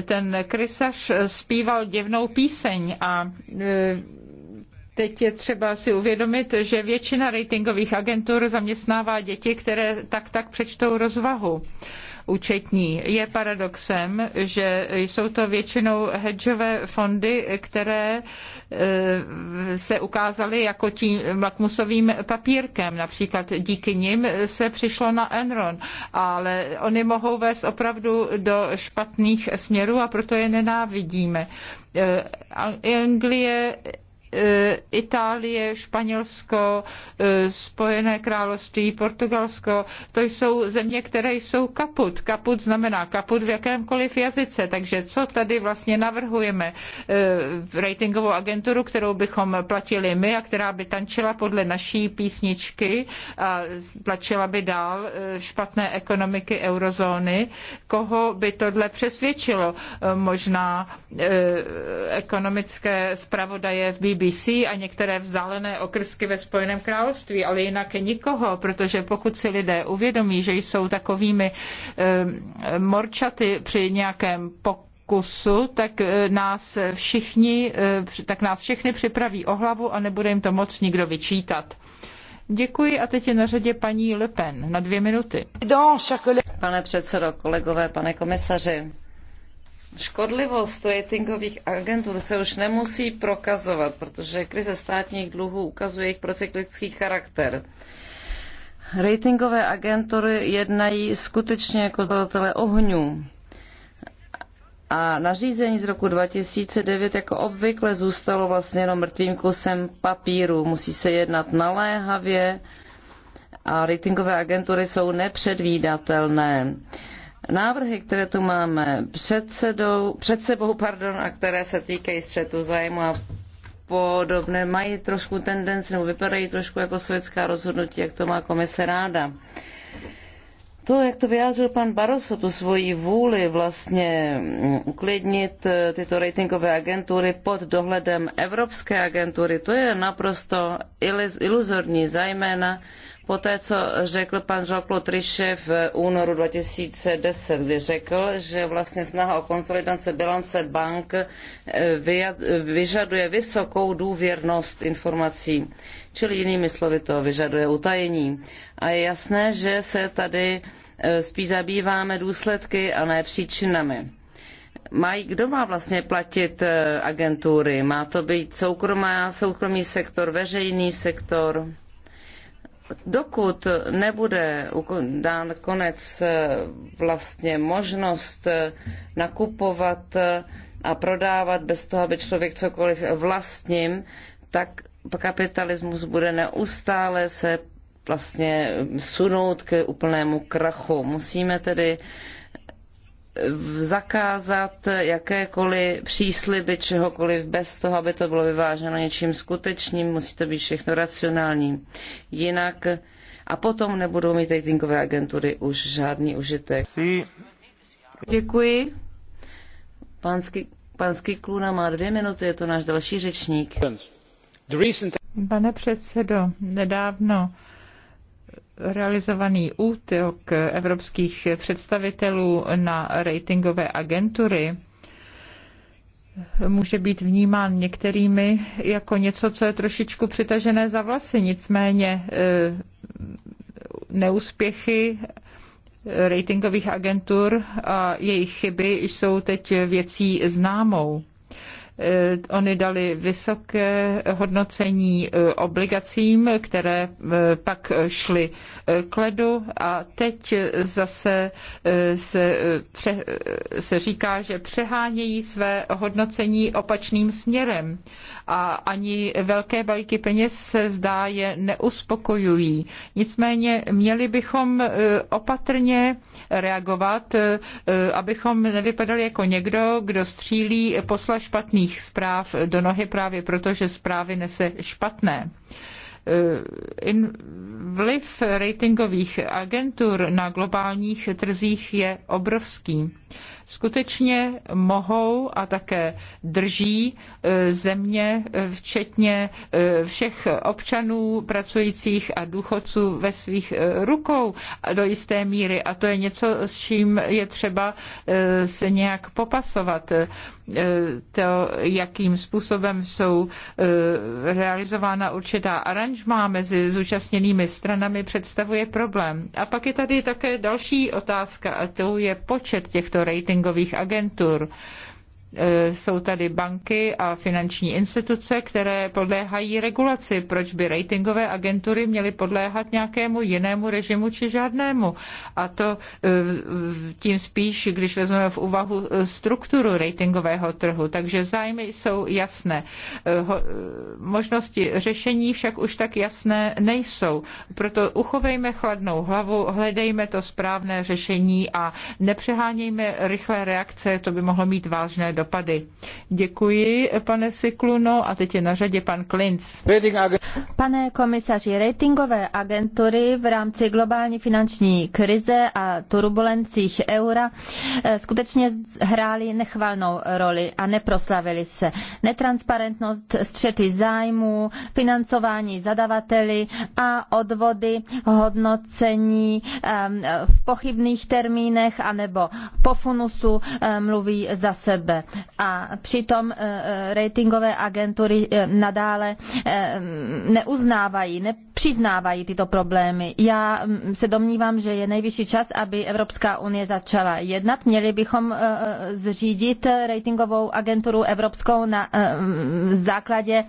Speaker 1: Ten krysař zpíval děvnou píseň a Teď je třeba si uvědomit, že většina ratingových agentur zaměstnává děti, které tak tak přečtou rozvahu účetní. Je paradoxem, že jsou to většinou hedžové fondy, které eh, se ukázaly jako tím lakmusovým papírkem. Například díky nim se přišlo na Enron, ale oni mohou vést opravdu do špatných směrů a proto je nenávidíme. Eh, Anglie E, Itálie, Španělsko, e, Spojené království, Portugalsko, to jsou země, které jsou kaput. Kaput znamená kaput v jakémkoliv jazyce, takže co tady vlastně navrhujeme? E, ratingovou agenturu, kterou bychom platili my a která by tančila podle naší písničky a tlačila by dál špatné ekonomiky eurozóny. Koho by tohle přesvědčilo? Možná ekonomické zpravodaje v BBC BBC a některé vzdálené okrsky ve Spojeném království, ale jinak nikoho, protože pokud si lidé uvědomí, že jsou takovými morčaty při nějakém pokusu, kusu, tak eh, nás všichni, eh, tak nás všechny připraví o hlavu a nebude jim to moc nikdo vyčítat. Děkuji a teď je na řadě paní Le Pen na
Speaker 2: dvě minuty. Pane předsedo, kolegové, pane komisaři, Škodlivost ratingových agentur se už nemusí prokazovat, protože krize státních dluhů ukazuje jejich procyklický charakter. Ratingové agentury jednají skutečně jako zadatelé ohňů. A nařízení z roku 2009 jako obvykle zůstalo vlastně jenom mrtvým kusem papíru. Musí se jednat naléhavě a ratingové agentury jsou nepředvídatelné návrhy, které tu máme před, sedou, před sebou pardon, a které se týkají střetu zájmu a podobné, mají trošku tendenci, nebo vypadají trošku jako sovětská rozhodnutí, jak to má komise ráda. To, jak to vyjádřil pan Barroso, tu svoji vůli vlastně uklidnit eh, tyto ratingové agentury pod dohledem Evropské agentury, to je naprosto iluzorní, zejména Poté, co řekl pan Jean-Claude Trichet v únoru 2010, kdy řekl, že vlastně snaha o konsolidaci bilance bank eh, vyžaduje vysokou důvěrnost informací, čili jinými slovy to vyžaduje utajení. A je jasné, že se tady eh, spíš zabýváme důsledky a ne příčinami. Mají, kdo má vlastně platit eh, agentury? Má to být soukromá, soukromý sektor, veřejný sektor? dokud nebude dán konec eh, vlastně možnost eh, nakupovat eh, a prodávat bez toho, aby člověk cokoliv vlastním, tak kapitalismus bude neustále se vlastně sunout k úplnému krachu. Musíme tedy zakázat jakékoliv přísliby čehokoliv bez toho, aby to bylo vyváženo něčím skutečným, musí to být všechno racionální. Jinak a potom nebudou mít ratingové agentury už žádný užitek. Děkuji. Pánský, pánský Kluna má dvě minuty, je to náš další řečník. Pane předsedo, nedávno realizovaný
Speaker 1: útok evropských představitelů na ratingové agentury může být vnímán některými jako něco, co je trošičku přitažené za vlasy. Nicméně e, neúspěchy ratingových agentur a jejich chyby jsou teď věcí známou. Eh, oni dali vysoké hodnocení eh, obligacím, které eh, pak šly k ledu a teď zase se, pře, se říká, že přehánějí své hodnocení opačným směrem a ani velké balíky peněz se zdá je neuspokojují. Nicméně měli bychom e, opatrně reagovat, e, abychom nevypadali jako někdo, kdo střílí e, posla špatných zpráv do nohy právě proto, že zprávy nese špatné vliv ratingových agentur na globálních trzích je obrovský skutečně mohou a také drží e, země, e, včetně e, všech občanů pracujících a důchodců ve svých rukou do jisté míry. A to je něco, s čím je třeba se nějak popasovat. E, to, jakým způsobem jsou e, realizována určitá aranžma mezi zúčastněnými stranami, představuje problém. A pak je tady také další otázka, a to je počet těchto ratingových agentur. E, jsou tady banky a finanční instituce, které podléhají regulaci. Proč by ratingové agentury měly podléhat nějakému jinému režimu či žádnému? A to e, tím spíš, když vezmeme v úvahu e, strukturu ratingového trhu. Takže zájmy jsou jasné. Možnosti řešení však už tak jasné nejsou. Proto uchovejme chladnou hlavu, hledejme to správné řešení a nepřehánějme rychlé reakce, to by mohlo mít vážné dopady dopady. Děkuji, pane Sikluno, a teď je na řadě pan Klinc.
Speaker 3: Pane komisaři, ratingové agentury v rámci globální finanční krize a turbulencích eura eh, skutečně hrály nechvalnou roli a neproslavili se. Netransparentnost, střety zájmů, financování zadavateli a odvody, hodnocení ehm, v pochybných termínech anebo po funusu ehm, mluví za sebe. A přitom eh, eh, ratingové agentury eh, nadále neuznávají, nepřiznávají tyto problémy. Já mm, se domnívám, že je nejvyšší čas, aby Evropská unie začala jednat. Měli bychom zřídit ratingovou agenturu evropskou na mm, základě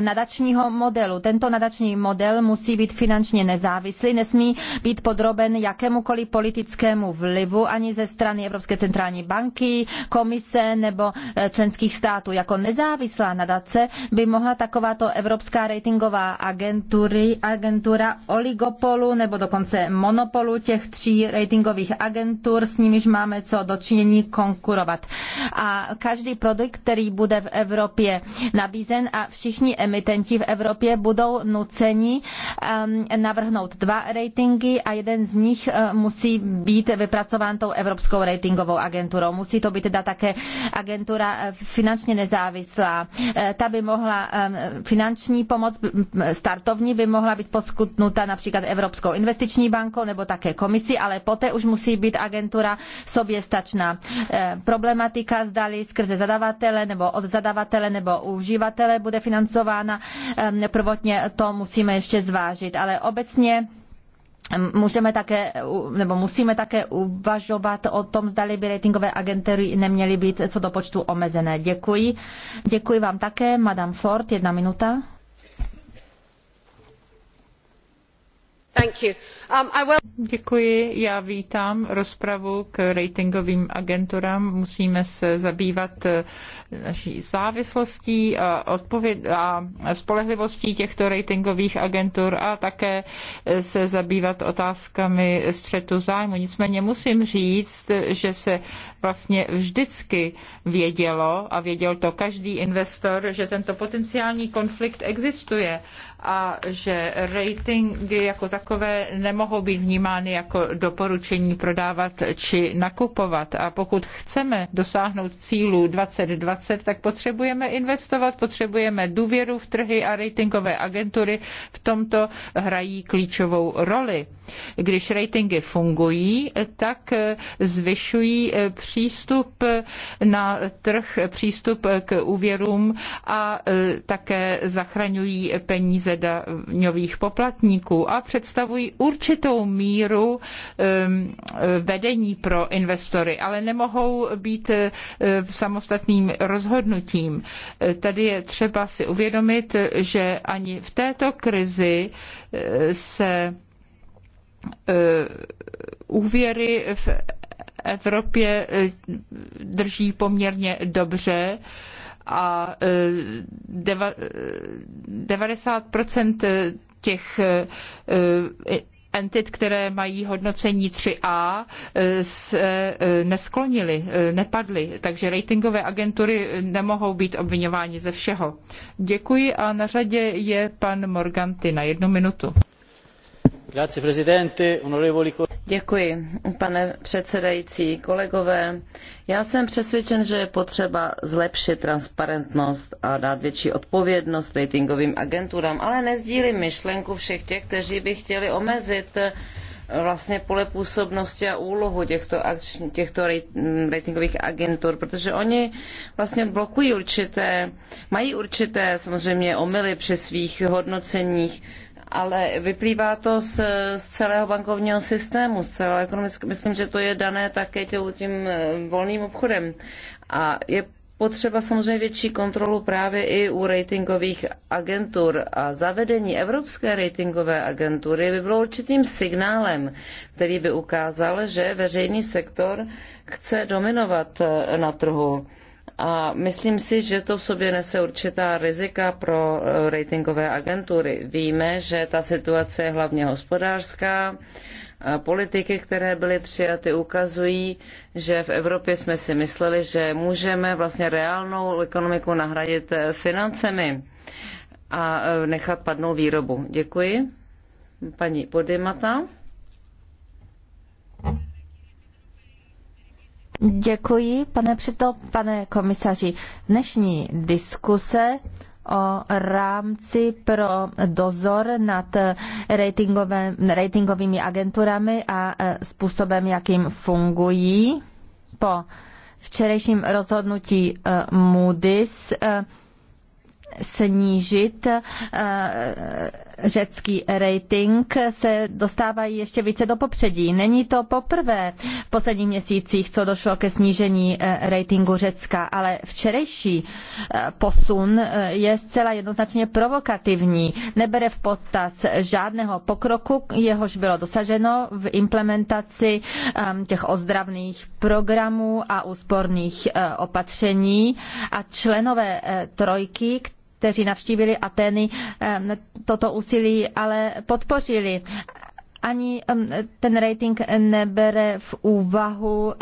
Speaker 3: nadačního modelu. Tento nadační model musí být finančně nezávislý, nesmí být podroben jakémukoliv politickému vlivu ani ze strany Evropské centrální banky, komise nebo nebo eh, členských států. Jako nezávislá nadace by mohla takováto Evropská ratingová agentury, agentura oligopolu nebo dokonce monopolu těch tří ratingových agentur, s nimiž máme co dočinění konkurovat. A každý produkt, který bude v Evropě nabízen a všichni emitenti v Evropě budou nuceni ehm, navrhnout dva ratingy a jeden z nich eh, musí být vypracován tou Evropskou ratingovou agenturou. Musí to být teda také agentura eh, finančně nezávislá. Eh, ta by mohla, ehm, finanční pomoc startovní by mohla být poskutnuta například Evropskou investiční bankou nebo také komisi, ale poté už musí být agentura soběstačná. Eh, problematika zdali skrze zadavatele nebo od zadavatele nebo uživatele bude financována ehm, prvotně, to musíme ještě zvážit, ale obecně Můžeme také, nebo musíme také uvažovat o tom, zdali by ratingové agentury neměly být co do počtu omezené. Děkuji. Děkuji vám také. Madame Ford, jedna minuta.
Speaker 1: Um, will... Děkuji. Já vítám rozpravu k ratingovým agenturám. Musíme se zabývat naší závislostí a, odpověd, a spolehlivostí těchto ratingových agentur a také se zabývat otázkami střetu zájmu. Nicméně musím říct, že se vlastně vždycky vědělo, a věděl to každý investor, že tento potenciální konflikt existuje a že ratingy jako takové nemohou být vnímány jako doporučení prodávat či nakupovat. A pokud chceme dosáhnout cílů 2020, tak potřebujeme investovat, potřebujeme důvěru v trhy a ratingové agentury v tomto hrají klíčovou roli. Když ratingy fungují, tak zvyšují při eh, přístup na trh, přístup k úvěrům a e, také zachraňují peníze daňových poplatníků a představují určitou míru e, vedení pro investory, ale nemohou být e, samostatným rozhodnutím. Tady je třeba si uvědomit, že ani v této krizi se úvěry v Evropě e, drží poměrně dobře a 90 e, e, těch entit, které mají hodnocení 3A, se nesklonily, nepadly. Takže ratingové agentury nemohou být obvinováni ze všeho. Děkuji a na řadě je
Speaker 2: pan Morganti na jednu minutu.
Speaker 3: Grazie, presidente, onorevoli...
Speaker 2: Děkuji, pane předsedající, kolegové. Já jsem přesvědčen, že je potřeba zlepšit transparentnost a dát větší odpovědnost ratingovým agenturám, ale nezdílím myšlenku všech těch, kteří by chtěli omezit eh, vlastně pole působnosti a úlohu těchto, akční, těchto mm, ratingových agentur, protože oni vlastně blokují určité, mají určité samozřejmě omily při svých hodnoceních ale vyplývá to z, z celého bankovního systému, z celého ekonomického. Myslím, že to je dané také tím, tím eh, volným obchodem. A je potřeba samozřejmě větší kontrolu právě i u ratingových agentur a zavedení Evropské ratingové agentury by bylo určitým signálem, který by ukázal, že veřejný sektor chce dominovat eh, na trhu. A myslím si, že to v sobě nese určitá rizika pro eh, ratingové agentury. Víme, že ta situace je hlavně hospodářská. Politiky, které byly přijaty, ukazují, že v Evropě jsme si mysleli, že můžeme vlastně reálnou ekonomiku nahradit eh, financemi a eh, nechat padnout výrobu. Děkuji. Paní Podimata.
Speaker 3: Děkuji, pane předsedo, pane komisaři. Dnešní diskuse o rámci pro dozor nad ratingovými agenturami a e, způsobem, jakým fungují. Po včerejším rozhodnutí e, Moody's e, snížit eh, řecký rating, se dostávají ještě více do popředí. Není to poprvé v posledních měsících, co došlo ke snížení eh, ratingu Řecka, ale včerejší eh, posun je zcela jednoznačně provokativní. Nebere v potaz žádného pokroku, jehož bylo dosaženo v implementaci ehm, těch ozdravných programů a úsporných opatření a členové trojky, kteří navštívili Ateny, eh, toto úsilí ale podpořili ani eh, ten rating nebere v úvahu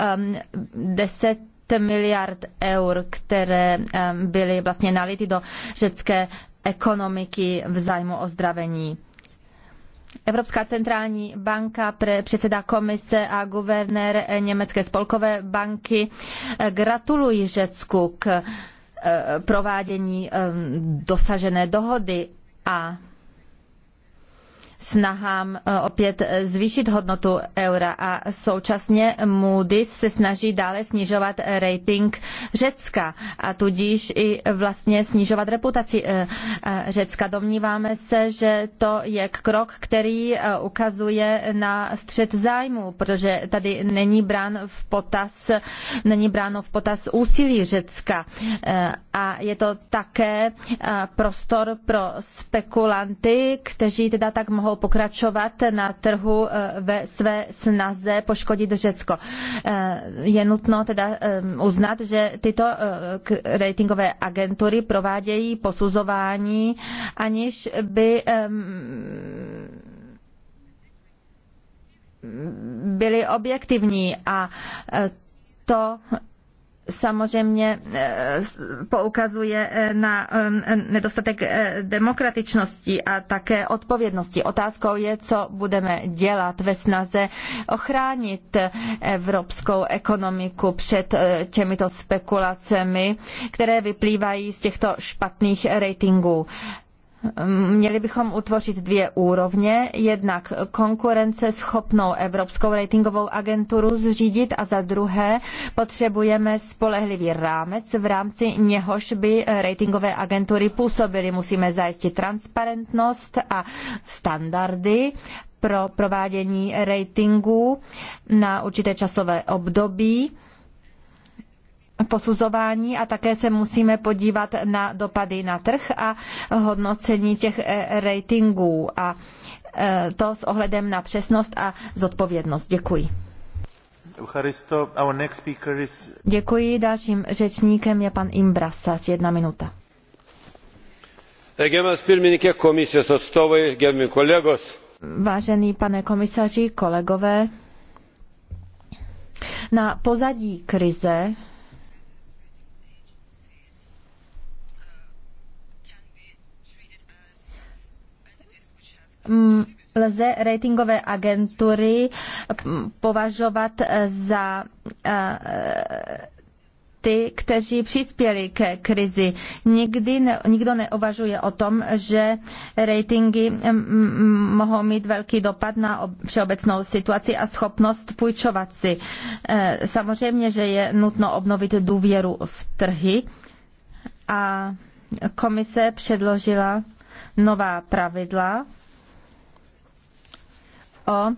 Speaker 3: 10 eh, miliard eur, které byly vlastně nality do řecké ekonomiky v zájmu ozdravení. Evropská centrální banka, pre předseda komise a guvernér Německé spolkové banky gratulují Řecku k Eh, provádění eh, dosažené dohody a snahám eh, opět eh, zvýšit hodnotu eura a současně Moody's se snaží dále snižovat rating Řecka a tudíž i vlastně snižovat reputaci eh, Řecka. Domníváme se, že to je krok, který ukazuje na střed zájmu, protože tady není brán v potaz, není bráno v potaz úsilí Řecka a je to také prostor pro spekulanty, kteří teda tak mohou mohou pokračovat na trhu eh, ve své snaze poškodit Řecko. Eh, je nutno teda eh, uznat, že tyto ratingové agentury provádějí posuzování, aniž by byli objektivní a to samozřejmě eh, poukazuje eh, na nedostatek eh, demokratičnosti a také odpovědnosti. Otázkou je, co budeme dělat ve snaze ochránit evropskou ekonomiku před těmito spekulacemi, které vyplývají z těchto špatných ratingů. Měli bychom utvořit dvě úrovně, jednak konkurence schopnou Evropskou ratingovou agenturu zřídit a za druhé potřebujeme spolehlivý rámec, v rámci něhož by ratingové agentury působily. Musíme zajistit transparentnost a standardy pro provádění ratingů na určité časové období posuzování a také se musíme podívat na dopady na trh a hodnocení těch eh, ratingů a eh, to s ohledem na přesnost a zodpovědnost. Děkuji.
Speaker 4: Eucharisto, our next speaker is...
Speaker 3: Děkuji. Dalším řečníkem je pan Imbrasas. Jedna minuta. Vážený pane komisaři, kolegové, na pozadí krize Mm, lze ratingové agentury mm, považovat eh, za eh, ty, kteří přispěli ke krizi. Nikdy ne, nikdo neuvažuje o tom, že ratingy mm, mohou mít velký dopad na všeobecnou situaci a schopnost půjčovat si. Eh, samozřejmě, že je nutno obnovit důvěru v trhy a komise předložila nová pravidla o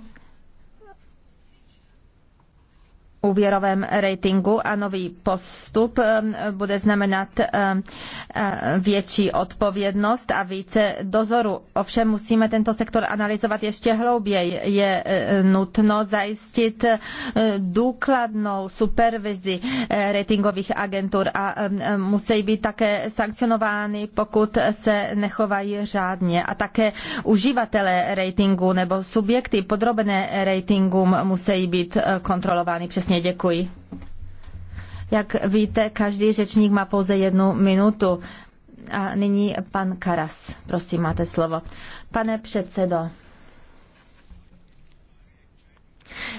Speaker 3: úvěrovém ratingu a nový postup um, bude znamenat um, uh, větší odpovědnost a více dozoru. Ovšem musíme tento sektor analyzovat ještě hlouběji. Je uh, nutno zajistit uh, důkladnou supervizi ratingových agentur a um, musí být také sankcionovány, pokud se nechovají řádně. A také uživatelé ratingu nebo subjekty podrobné ratingům musí být kontrolovány přesně děkuji. Jak víte, každý řečník má pouze jednu minutu. A nyní pan Karas, prosím, máte slovo. Pane předsedo,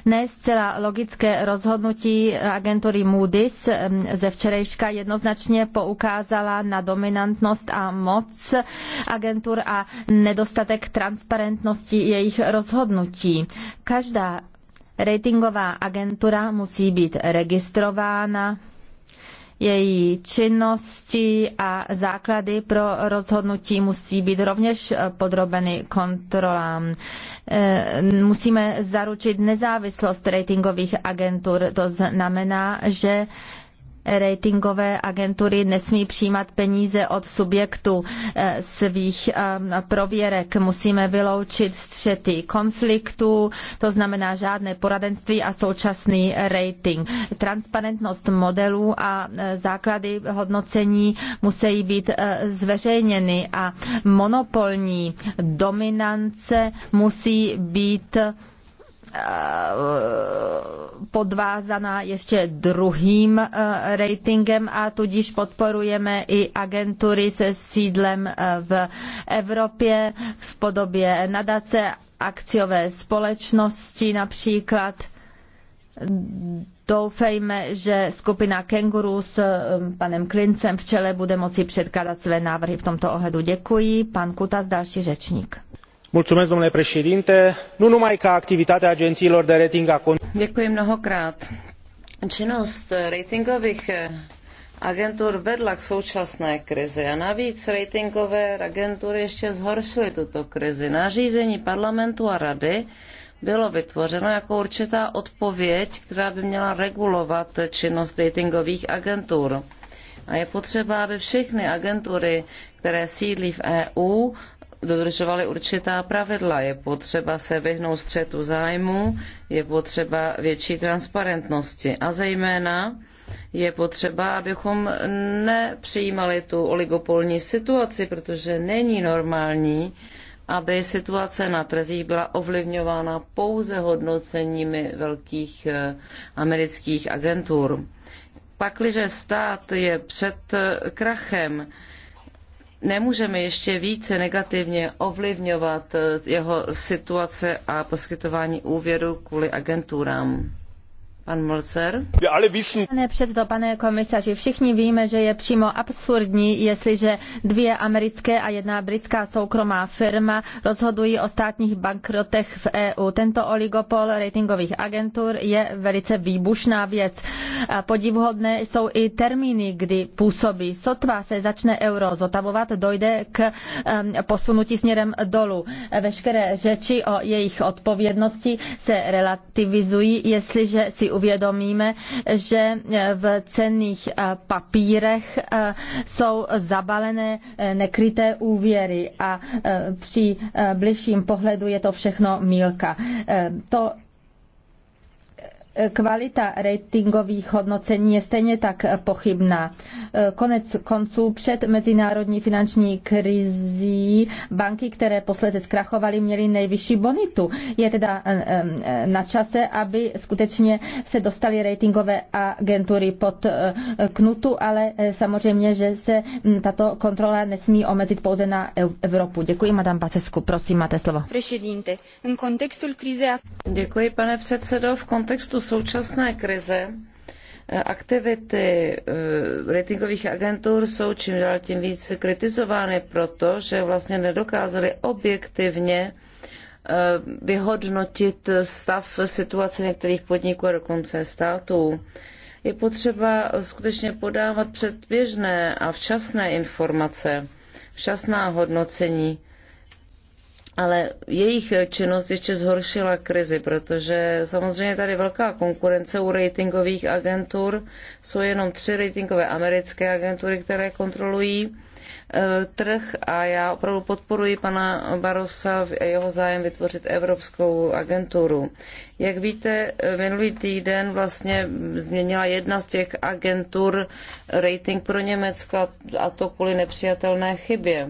Speaker 3: ne zcela logické rozhodnutí agentury Moody's ze včerejška jednoznačně poukázala na dominantnost a moc agentur a nedostatek transparentnosti jejich rozhodnutí. Každá Ratingová agentura musí být registrována, její činnosti a základy pro rozhodnutí musí být rovněž eh, podrobeny kontrolám. Eh, musíme zaručit nezávislost ratingových agentur. To znamená, že ratingové agentury nesmí přijímat peníze od subjektů eh, svých ehm, prověrek. Musíme vyloučit střety konfliktů, to znamená žádné poradenství a současný rating. Transparentnost modelů a eh, základy hodnocení musí být eh, zveřejněny a monopolní dominance musí být Eh, podvázaná ještě druhým eh, ratingem a tudíž podporujeme i agentury se sídlem eh, v Evropě v podobě nadace akciové společnosti například. Doufejme, že skupina Kenguru s panem Klincem v čele bude moci předkládat své návrhy v tomto ohledu. Děkuji. Pan Kutas, další
Speaker 4: řečník nu numai că activitatea ageniilor de rating a
Speaker 2: continuat Činnost ratingových eh, agentur vedla k současné krizi a navíc ratingové agentury ještě zhoršily tuto krizi. Nařízení parlamentu a rady bylo vytvořeno jako určitá odpověď, která by měla regulovat činnost ratingových agentur. A je potřeba, aby všechny agentury, které sídlí v EU, dodržovali určitá pravidla. Je potřeba se vyhnout střetu zájmu, je potřeba větší transparentnosti a zejména je potřeba, abychom nepřijímali tu oligopolní situaci, protože není normální, aby situace na trzích byla ovlivňována pouze hodnoceními velkých eh, amerických agentur. Pakliže stát je před krachem, nemůžeme ještě více negativně ovlivňovat jeho situace a poskytování úvěru kvůli agenturám. Pan Molzer.
Speaker 3: Pane předsedo, pane komisaři, všichni víme, že je přímo absurdní, jestliže dvě americké a jedna britská soukromá firma rozhodují o státních bankrotech v EU. Tento oligopol ratingových agentur je velice výbušná věc. Podivuhodné jsou i termíny, kdy působí. Sotva se začne euro zotavovat, dojde k posunutí směrem dolů. Veškeré řeči o jejich odpovědnosti se relativizují, jestliže si uvědomíme, že v cenných eh, papírech eh, jsou zabalené eh, nekryté úvěry a při bližším pohledu je to všechno mílka. To kvalita ratingových hodnocení je stejně tak pochybná. Konec konců před mezinárodní finanční krizí banky, které posledně zkrachovaly, měly nejvyšší bonitu. Je teda eh, eh, na čase, aby skutečně se dostaly ratingové agentury pod eh, knutu, ale samozřejmě, že se hm, tato kontrola nesmí omezit pouze na Evropu. Děkuji, madam Pacesku. Prosím, máte slovo.
Speaker 2: Děkuji, pane předsedo. V kontextu současné krize eh, aktivity eh, ratingových agentur jsou čím dál tím více kritizovány proto, že vlastně nedokázali objektivně eh, vyhodnotit stav situace některých podniků a dokonce států. Je potřeba skutečně podávat předběžné a včasné informace, včasná hodnocení ale jejich činnost ještě zhoršila krizi, protože samozřejmě tady velká konkurence u ratingových agentur. Jsou jenom tři ratingové americké agentury, které kontrolují e, trh a já opravdu podporuji pana Barosa v jeho zájem vytvořit Evropskou agenturu. Jak víte, minulý týden vlastně změnila jedna z těch agentur rating pro Německo a to kvůli nepřijatelné chybě.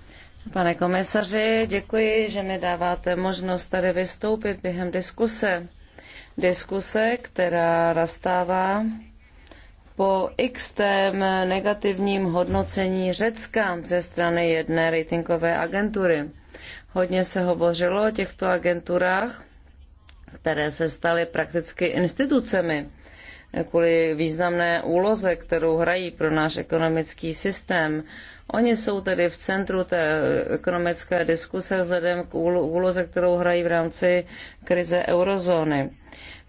Speaker 2: Pane komisaři, děkuji, že mi dáváte možnost tady vystoupit během diskuse. Diskuse, která nastává po x negativním hodnocení Řecka ze strany jedné ratingové agentury. Hodně se hovořilo o těchto agenturách, které se staly prakticky institucemi kvůli významné úloze, kterou hrají pro náš ekonomický systém. Oni jsou tedy v centru té ekonomické diskuse vzhledem k úloze, kterou hrají v rámci krize eurozóny.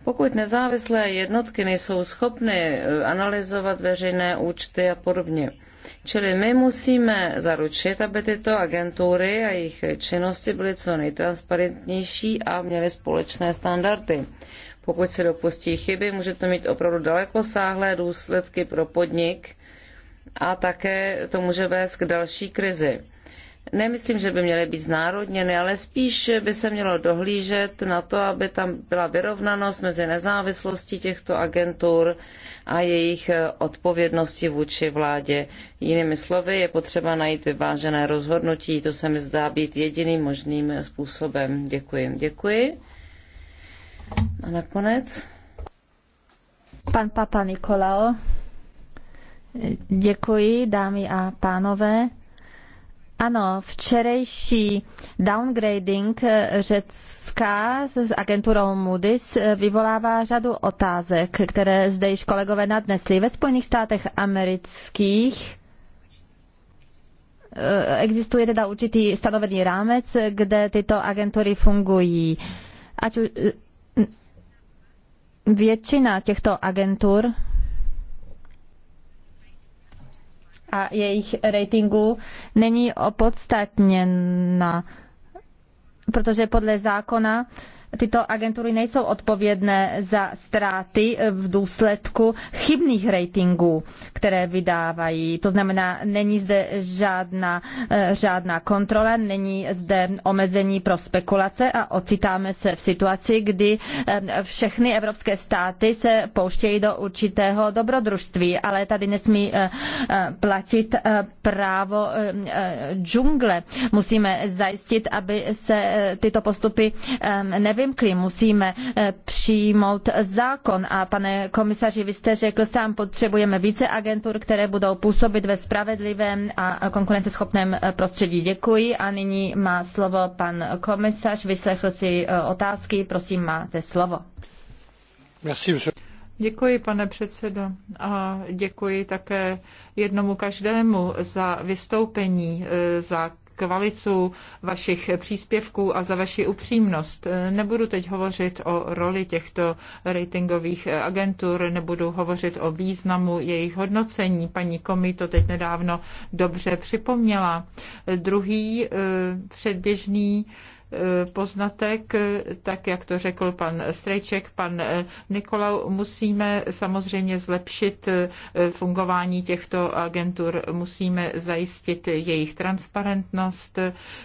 Speaker 2: Pokud nezávislé jednotky nejsou schopny eh, analyzovat veřejné účty a podobně. Čili my musíme zaručit, aby tyto agentury a jejich činnosti byly co nejtransparentnější a měly společné standardy. Pokud se dopustí chyby, může to mít opravdu dalekosáhlé důsledky pro podnik a také to může vést k další krizi. Nemyslím, že by měly být znárodněny, ale spíš by se mělo dohlížet na to, aby tam byla vyrovnanost mezi nezávislostí těchto agentur a jejich eh, odpovědností vůči vládě. Jinými slovy, je potřeba najít vyvážené rozhodnutí. To se mi zdá být jediným možným eh, způsobem. Děkuji. Děkuji. A nakonec
Speaker 3: pan Papa Nikolao. Děkuji, dámy a pánové. Ano, včerejší downgrading Řecka s agenturou Moody's vyvolává řadu otázek, které zde již kolegové nadnesli. Ve Spojených státech amerických eh, existuje teda určitý stanovený rámec, kde tyto agentury fungují. Ať eh, Většina těchto agentur a jejich ratingu není opodstatněna, protože podle zákona tyto agentury nejsou odpovědné za ztráty v důsledku chybných ratingů, které vydávají. To znamená, není zde žádná, eh, žádná kontrola, není zde omezení pro spekulace a ocitáme se v situaci, kdy eh, všechny evropské státy se pouštějí do určitého dobrodružství, ale tady nesmí eh, platit právo džungle. Musíme zajistit, aby se tyto postupy nevy vymkli. Musíme eh, přijmout zákon a pane komisaři, vy jste řekl sám, potřebujeme více agentur, které budou působit ve spravedlivém a konkurenceschopném eh, prostředí. Děkuji a nyní má slovo pan komisař. Vyslechl si eh, otázky, prosím, máte slovo. Děkuji, pane předsedo, a děkuji také jednomu
Speaker 1: každému za vystoupení, za kvalitu vašich příspěvků a za vaši upřímnost. Nebudu teď hovořit o roli těchto ratingových agentur, nebudu hovořit o významu jejich hodnocení. Paní Komi to teď nedávno dobře připomněla. Druhý eh, předběžný Eh, poznatek, tak jak to řekl pan Strejček, pan eh, Nikolau, musíme samozřejmě zlepšit eh, fungování těchto agentur, musíme zajistit jejich transparentnost,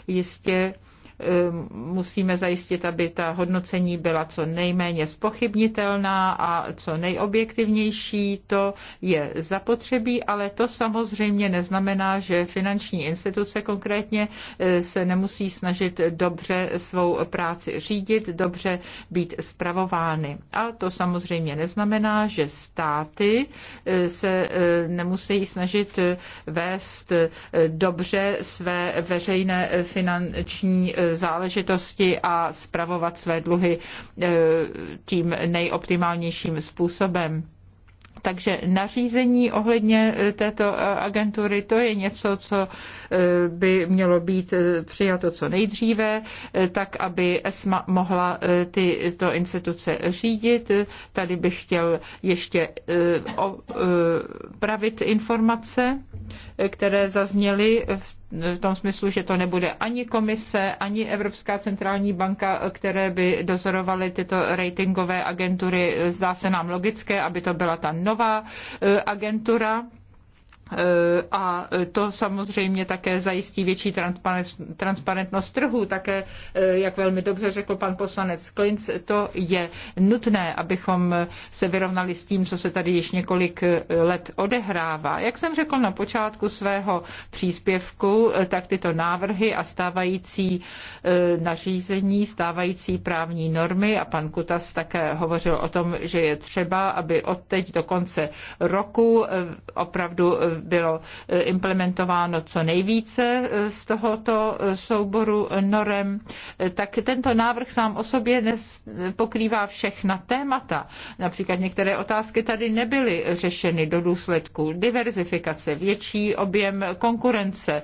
Speaker 1: jistě Ehm, musíme zajistit, aby ta hodnocení byla co nejméně spochybnitelná a co nejobjektivnější. To je zapotřebí, ale to samozřejmě neznamená, že finanční instituce konkrétně eh, se nemusí snažit dobře svou práci řídit, dobře být spravovány. A to samozřejmě neznamená, že státy eh, se eh, nemusí snažit vést dobře své veřejné finanční záležitosti a spravovat své dluhy eh, tím nejoptimálnějším způsobem. Takže nařízení ohledně eh, této eh, agentury, to je něco, co by mělo být přijato co nejdříve, tak aby ESMA mohla tyto instituce řídit. Tady bych chtěl ještě opravit informace, které zazněly v v tom smyslu, že to nebude ani komise, ani Evropská centrální banka, které by dozorovaly tyto ratingové agentury. Zdá se nám logické, aby to byla ta nová eh, agentura, Eh, a to samozřejmě také zajistí větší transparentnost trhu. Také, eh, jak velmi dobře řekl pan poslanec Klinc, to je nutné, abychom se vyrovnali s tím, co se tady již několik eh, let odehrává. Jak jsem řekl na počátku svého příspěvku, tak tyto návrhy a stávající nařízení, stávající právní normy a pan Kutas také hovořil o tom, že je třeba, aby od teď do konce roku opravdu bylo eh, implementováno co nejvíce eh, z tohoto eh, souboru norem, tak tento návrh sám o sobě pokrývá všechna témata. Například některé otázky tady nebyly řešeny do důsledku. Diverzifikace, větší objem konkurence.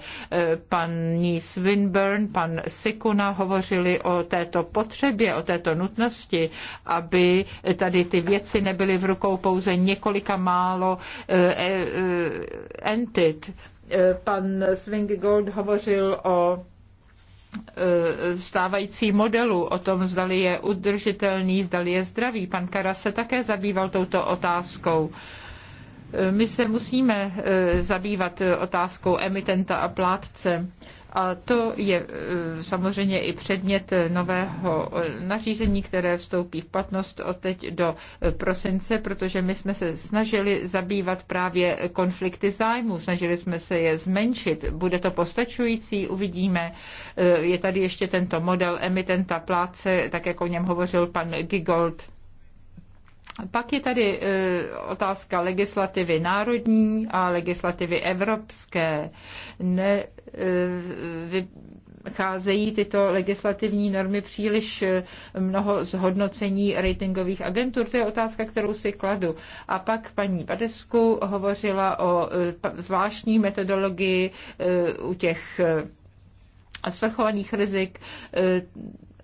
Speaker 1: Paní Swinburne, pan Sikuna hovořili o této potřebě, o této nutnosti, aby tady ty věci nebyly v rukou pouze několika málo entit. Eh, pan Swing Gold hovořil o eh, stávající modelu, o tom, zdali je udržitelný, zdali je zdravý. Pan Kara se také zabýval touto otázkou. Eh, my se musíme zabývat otázkou emitenta a plátce. A to je e, samozřejmě i předmět e, nového e, nařízení, které vstoupí v platnost od teď do prosince, protože my jsme se snažili zabývat právě konflikty zájmu, snažili jsme se je zmenšit. Bude to postačující, uvidíme. Je tady ještě tento model emitenta pláce, tak jak o něm hovořil pan Gigold pak je tady e, otázka legislativy národní a legislativy evropské. Ne, e, vycházejí tyto legislativní normy příliš e, mnoho zhodnocení ratingových agentur? To je otázka, kterou si kladu. A pak paní Padesku hovořila o zvláštní metodologii u těch a svrchovaných rizik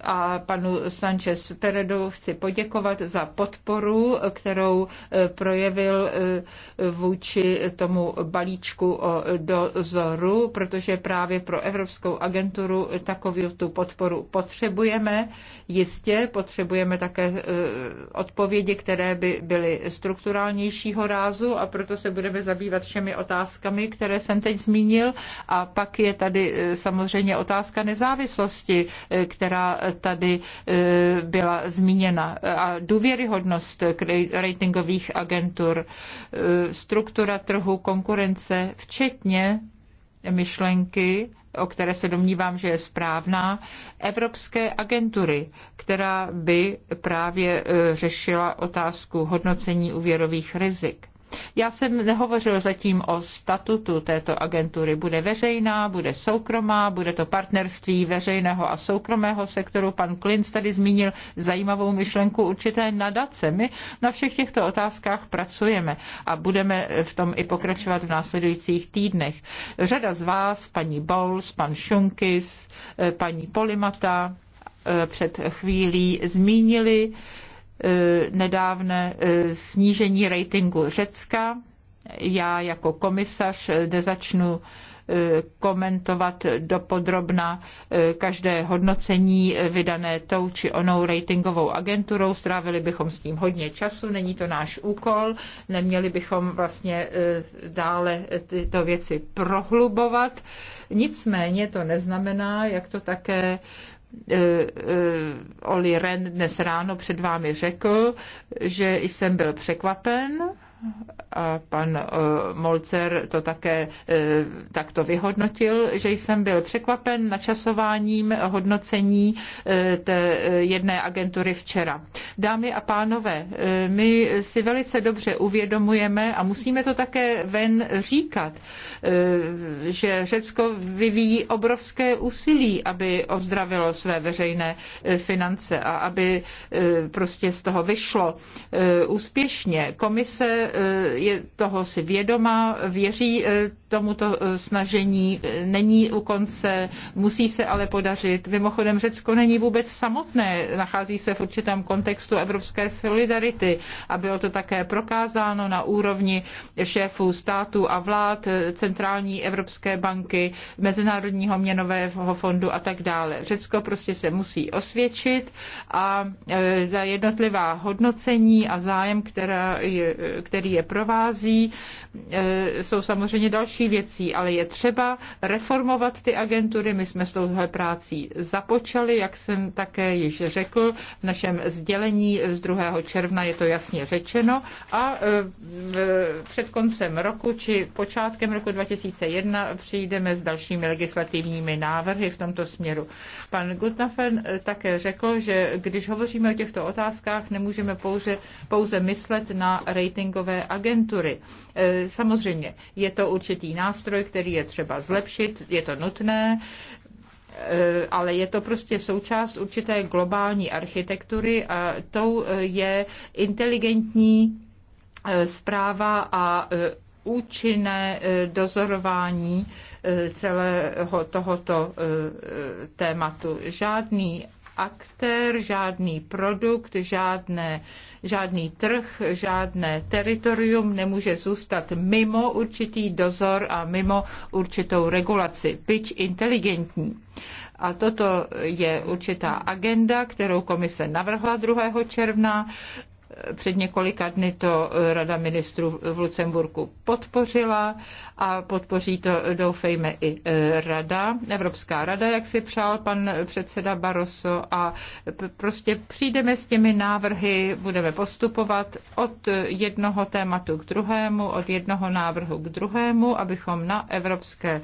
Speaker 1: a panu Sanchez Peredu chci poděkovat za podporu, kterou e, projevil e, vůči tomu balíčku o dozoru, protože právě pro Evropskou agenturu takovou tu podporu potřebujeme. Jistě potřebujeme také e, odpovědi, které by byly strukturálnějšího rázu a proto se budeme zabývat všemi otázkami, které jsem teď zmínil. A pak je tady samozřejmě otázka nezávislosti, která tady e, byla zmíněna. A důvěryhodnost ratingových agentur, e, struktura trhu, konkurence, včetně myšlenky, o které se domnívám, že je správná, Evropské agentury, která by právě e, řešila otázku hodnocení úvěrových rizik. Já jsem nehovořil zatím o statutu této agentury. Bude veřejná, bude soukromá, bude to partnerství veřejného a soukromého sektoru. Pan Klinc tady zmínil zajímavou myšlenku určité nadace. My na všech těchto otázkách pracujeme a budeme v tom i pokračovat v následujících týdnech. Řada z vás, paní Bowles, pan Šunkis, eh, paní Polimata, eh, před chvílí zmínili Eh, nedávné eh, snížení ratingu Řecka. Já jako komisař nezačnu eh, komentovat dopodrobna každé hodnocení vydané tou či onou ratingovou agenturou. Strávili bychom s tím hodně času, není to náš úkol, neměli bychom vlastně dále tyto věci prohlubovat. Nicméně to neznamená, jak to také Eh, eh, Oli Ren dnes ráno před vámi řekl, že jsem byl překvapen a pan eh, Molcer to také eh, takto vyhodnotil, že jsem byl překvapen načasováním hodnocení eh, té jedné agentury včera. Dámy a pánové, my si velice dobře uvědomujeme a musíme to také ven říkat, že Řecko vyvíjí obrovské úsilí, aby ozdravilo své veřejné finance a aby prostě z toho vyšlo úspěšně. Komise Eh, je toho si vědoma, věří eh, tomuto eh, snažení, není u konce, musí se ale podařit. Mimochodem Řecko není vůbec samotné, nachází se v určitém kontextu evropské solidarity a bylo to také prokázáno na úrovni šéfů států a vlád, centrální Evropské banky, Mezinárodního měnového fondu a tak dále. Řecko prostě se musí osvědčit a za jednotlivá hodnocení a zájem, která je, který který je provází, e, jsou samozřejmě další věcí, ale je třeba reformovat ty agentury. My jsme s touhle prácí započali, jak jsem také již řekl, v našem sdělení z 2. června je to jasně řečeno a e, před koncem roku či počátkem roku 2001 přijdeme s dalšími legislativními návrhy v tomto směru. Pan Gutnafen e, také řekl, že když hovoříme o těchto otázkách, nemůžeme pouze, pouze myslet na ratingové rozvojové agentury. E, samozřejmě je to určitý nástroj, který je třeba zlepšit, je to nutné, e, ale je to prostě součást určité globální architektury a tou e, je inteligentní zpráva a účinné dozorování celého tohoto tématu. Žádný aktér, žádný produkt, žádné, žádný trh, žádné teritorium nemůže zůstat mimo určitý dozor a mimo určitou regulaci, byť inteligentní. A toto je určitá agenda, kterou komise navrhla 2. června. Před několika dny to Rada ministrů v Lucemburku podpořila a podpoří to, doufejme, i e, Rada, Evropská rada, jak si přál pan předseda Barroso a prostě přijdeme s těmi návrhy, budeme postupovat od jednoho tématu k druhému, od jednoho návrhu k druhému, abychom na evropské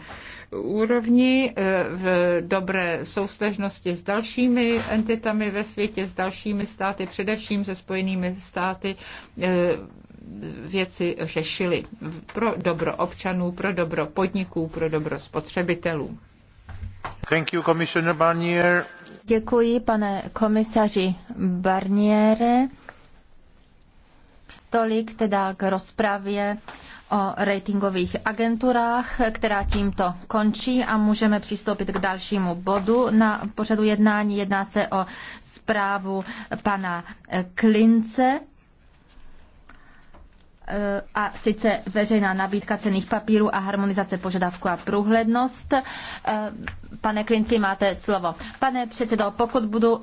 Speaker 1: úrovni eh, v dobré soustažnosti s dalšími entitami ve světě, s dalšími státy, především se spojenými státy eh, věci řešili pro dobro občanů, pro dobro podniků, pro dobro
Speaker 3: spotřebitelů. Thank you, Commissioner Barnier. Děkuji, pane komisaři Barniere. Tolik teda k rozpravě o ratingových agenturách, která tímto končí a můžeme přistoupit k dalšímu bodu na pořadu jednání. Jedná se o zprávu pana eh, Klince eh, a sice veřejná nabídka cených papírů a harmonizace požadavku a průhlednost. Eh, pane Klinci, máte slovo. Pane předsedo, pokud budu